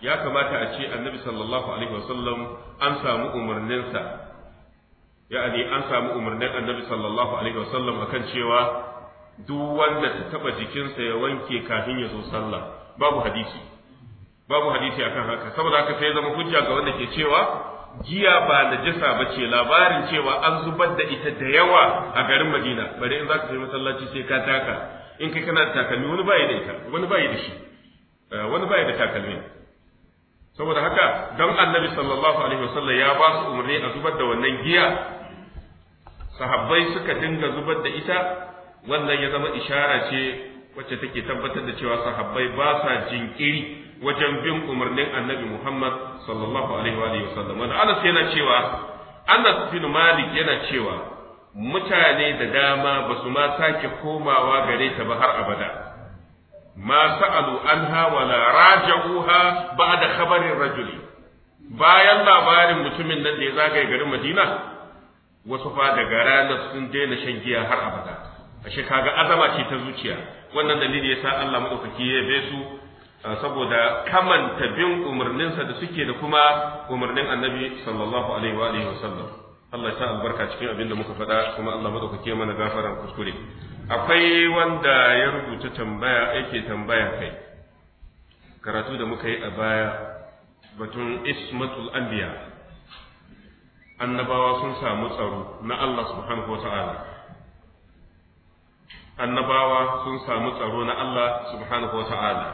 Speaker 2: ya kamata a ce annabi sallallahu alaihi wasallam an samu umarninsa ya'ani an samu umarnin annabi sallallahu alaihi wasallam akan cewa duk wanda ta taba jikinsa ya wanke kafin ya zo sallah babu hadisi babu hadisi akan haka saboda haka sai zama hujja ga wanda ke cewa giya ba najasa ba ce labarin cewa an zubar da ita da yawa a garin madina bare in zaka kai masallaci sai ka taka in kai kana da takalmi wani bai da ita wani bai da shi eh, wani bai da takalmi saboda haka dan annabi sallallahu alaihi wasallam ya ba su umarni a zubar da wannan giya sahabbai suka dinga zubar da ita wannan ya zama ishara ce wacce take tabbatar da cewa sahabbai ba sa jinkiri wajen bin umarnin annabi Muhammad sallallahu alaihi wa sallam wanda Anas yana cewa Anas bin Malik yana cewa mutane da dama ba su ma sake komawa gare ta ba har abada ma sa'alu anha la raja'uha ba'da khabarin rajuli bayan labarin mutumin nan da ya zagaye garin Madina wasu fa daga ranar sun daina shan giya har abada ashe kaga azama ce ta zuciya wannan dalili yasa Allah madaukaki ya bai su saboda kamanta bin umarninsa da suke da kuma umarnin annabi sallallahu alaihi wa alihi wasallam Allah ya albarka cikin abin da muka faɗa kuma Allah madaukake mana gafaran kuskure akwai wanda ya rubuta tambaya yake tambaya kai karatu da muka yi a baya batun ismatul anbiya annabawa sun samu tsaro na Allah subhanahu wa annabawa sun samu tsaro na Allah subhanahu wata'ala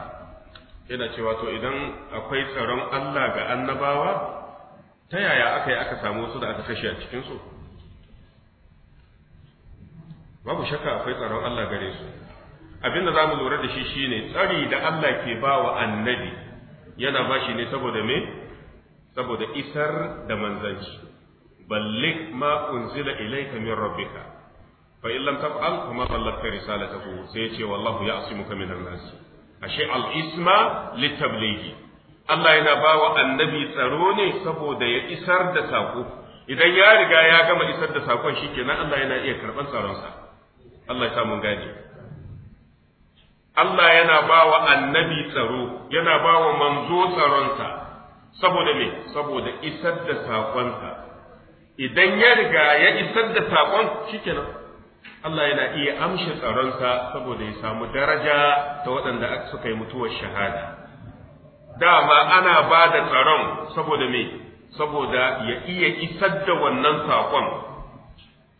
Speaker 2: yana cewa to idan akwai tsaron Allah ga annabawa ta yaya aka yi aka samu wasu da aka kashe a cikinsu babu shakka akwai tsaron Allah gare su abinda za mu lura da shi shine tsari da Allah ke ba wa annabi yana ba shi ne saboda me saboda isar da manzanci balligh ma unzila ilayka min rabbika fa in lam taf'al kuma ballagta risalatahu sai ya ce wallahu ya'simuka minan nas ashe al-isma litablighi Allah yana ba annabi tsaro ne saboda ya isar da sako idan ya riga ya gama isar da Allah yana iya karban tsaronsa Allah ya Allah yana ba wa annabi tsaro yana ba wa manzo tsaronsa saboda me saboda isar da sakonsa idan ya riga ya isar da saƙon shikenan Allah yana iya amshi tsaronsa saboda ya samu daraja ta waɗanda suka yi mutuwar shahada dama ana ba da tsaron saboda me saboda ya iya isar da wannan saƙon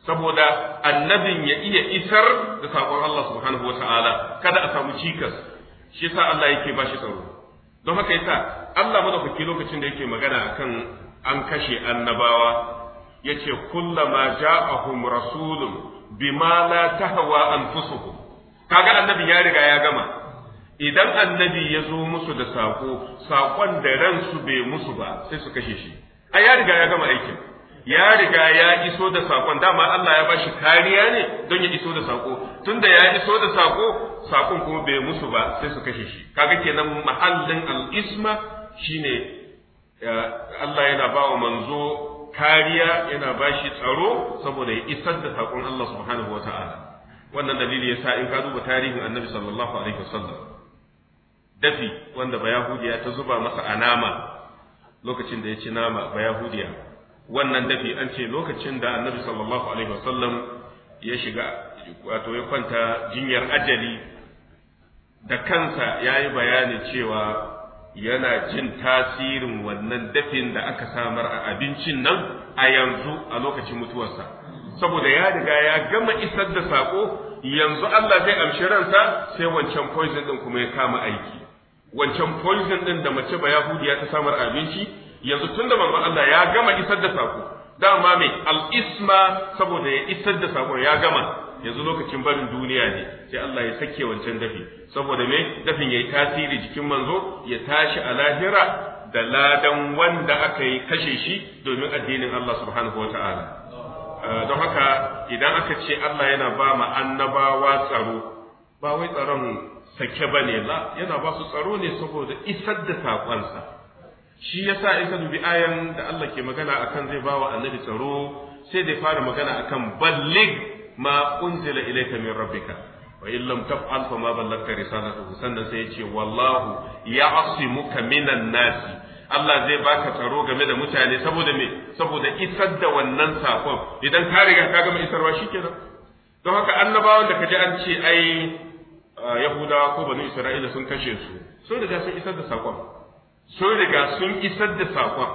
Speaker 2: saboda annabin ya iya isar da saƙon Allah subhanahu wata'ala kada a samu cikas shi sa Allah yake ba shi tsaro don haka yasa Allah madaukaki lokacin da yake magana akan an kashe annabawa yace kullama ja'ahum rasulun bima la tahwa anfusuhum kaga annabi ya riga ya gama idan annabi ya zo musu da sako sakon da ransu bai musu ba sai su kashe shi a ya riga ya gama aikin ya riga ya iso da sakon dama Allah ya bashi kariya ne don ya iso da sako tunda ya iso da sako sakon kuma bai musu ba sai su kashe shi kaga kenan mahallin al-isma shine eh, Allah yana ba wa manzo kariya yana bashi tsaro saboda ya isar da saƙon Allah subhanahu wa ta'ala wannan dalili yasa in ka duba tarihin annabi sallallahu alaihi wasallam dafi wanda bayahudiya ta zuba masa a nama lokacin da ya ci nama bayahudiya wannan dafi an ce lokacin da annabi sallallahu alaihi wasallam ya shiga wato ya kwanta jinyar ajali da kansa ya yi bayani cewa yana jin tasirin wannan dafin da aka samar a abincin nan a yanzu a lokacin mutuwarsa saboda ya riga ya gama isar da sako yanzu Allah zai amshi ransa sai wancan poison din kuma ya kama aiki wancan poison din da mace ba yahudiya ta samar abinci yanzu tun da manzon Allah ya gama isar da sako dama mai, al-isma saboda ya isar da sako ya gama yanzu lokacin barin duniya ne sai Allah ya sake wancan dafi saboda me dafin yayi tasiri jikin manzo ya tashi a lahira da ladan wanda aka yi kashe shi domin addinin Allah subhanahu wataala ah, don haka idan aka ce Allah yana ba ma annabawa tsaro ba wai tsaron sake bane la yana ba su tsaro ne saboda isar da saƙonsa shi yasa in ka dubi ayan da Allah ke magana akan zai ba wa annabi tsaro sai da fara magana akan ballig ma unzila ilayka min rabbika wa in lam taf'al fa ma ballagta risalatahu sannan sai yace wallahu ya'simuka minan nasi Allah zai baka tsaro game da mutane saboda me saboda isar da wannan sakon idan ka riga ka gama isarwa shikenan don haka annabawan da kaji an ce ai yahudawa ko bani isra'ila sun kashe su sun riga sun isar da sakon sun riga sun isar da sakon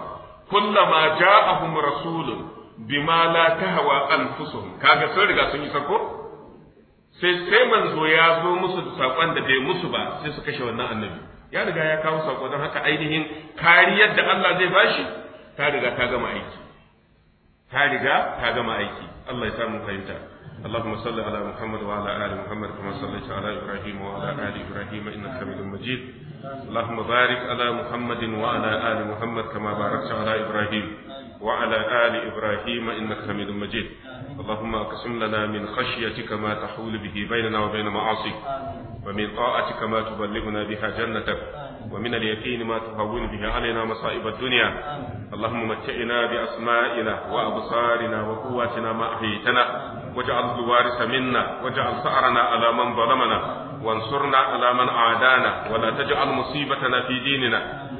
Speaker 2: kullama ja'ahum rasulun bima la ta hawa tahwa anfusuhum kaga sun riga sun yi sako sai sai manzo ya zo musu da sakon da bai musu ba sai su kashe wannan annabi ya riga ya kawo sako don haka ainihin kariyar da Allah zai bashi ta riga ta gama aiki ta riga ta gama aiki Allah ya samu fahimta اللهم صل على محمد وعلى آل محمد كما صليت على إبراهيم وعلى آل إبراهيم إنك حميد مجيد اللهم بارك على محمد وعلى آل محمد كما باركت على إبراهيم وعلى آل إبراهيم إنك حميد مجيد اللهم اقسم لنا من خشيتك ما تحول به بيننا وبين معاصيك ومن طاعتك ما تبلغنا بها جنتك ومن اليقين ما تهون به علينا مصائب الدنيا اللهم متعنا بأسمائنا وأبصارنا وقواتنا ما أحييتنا واجعل الوارث منا واجعل ثأرنا على من ظلمنا وانصرنا على من عادانا ولا تجعل مصيبتنا في ديننا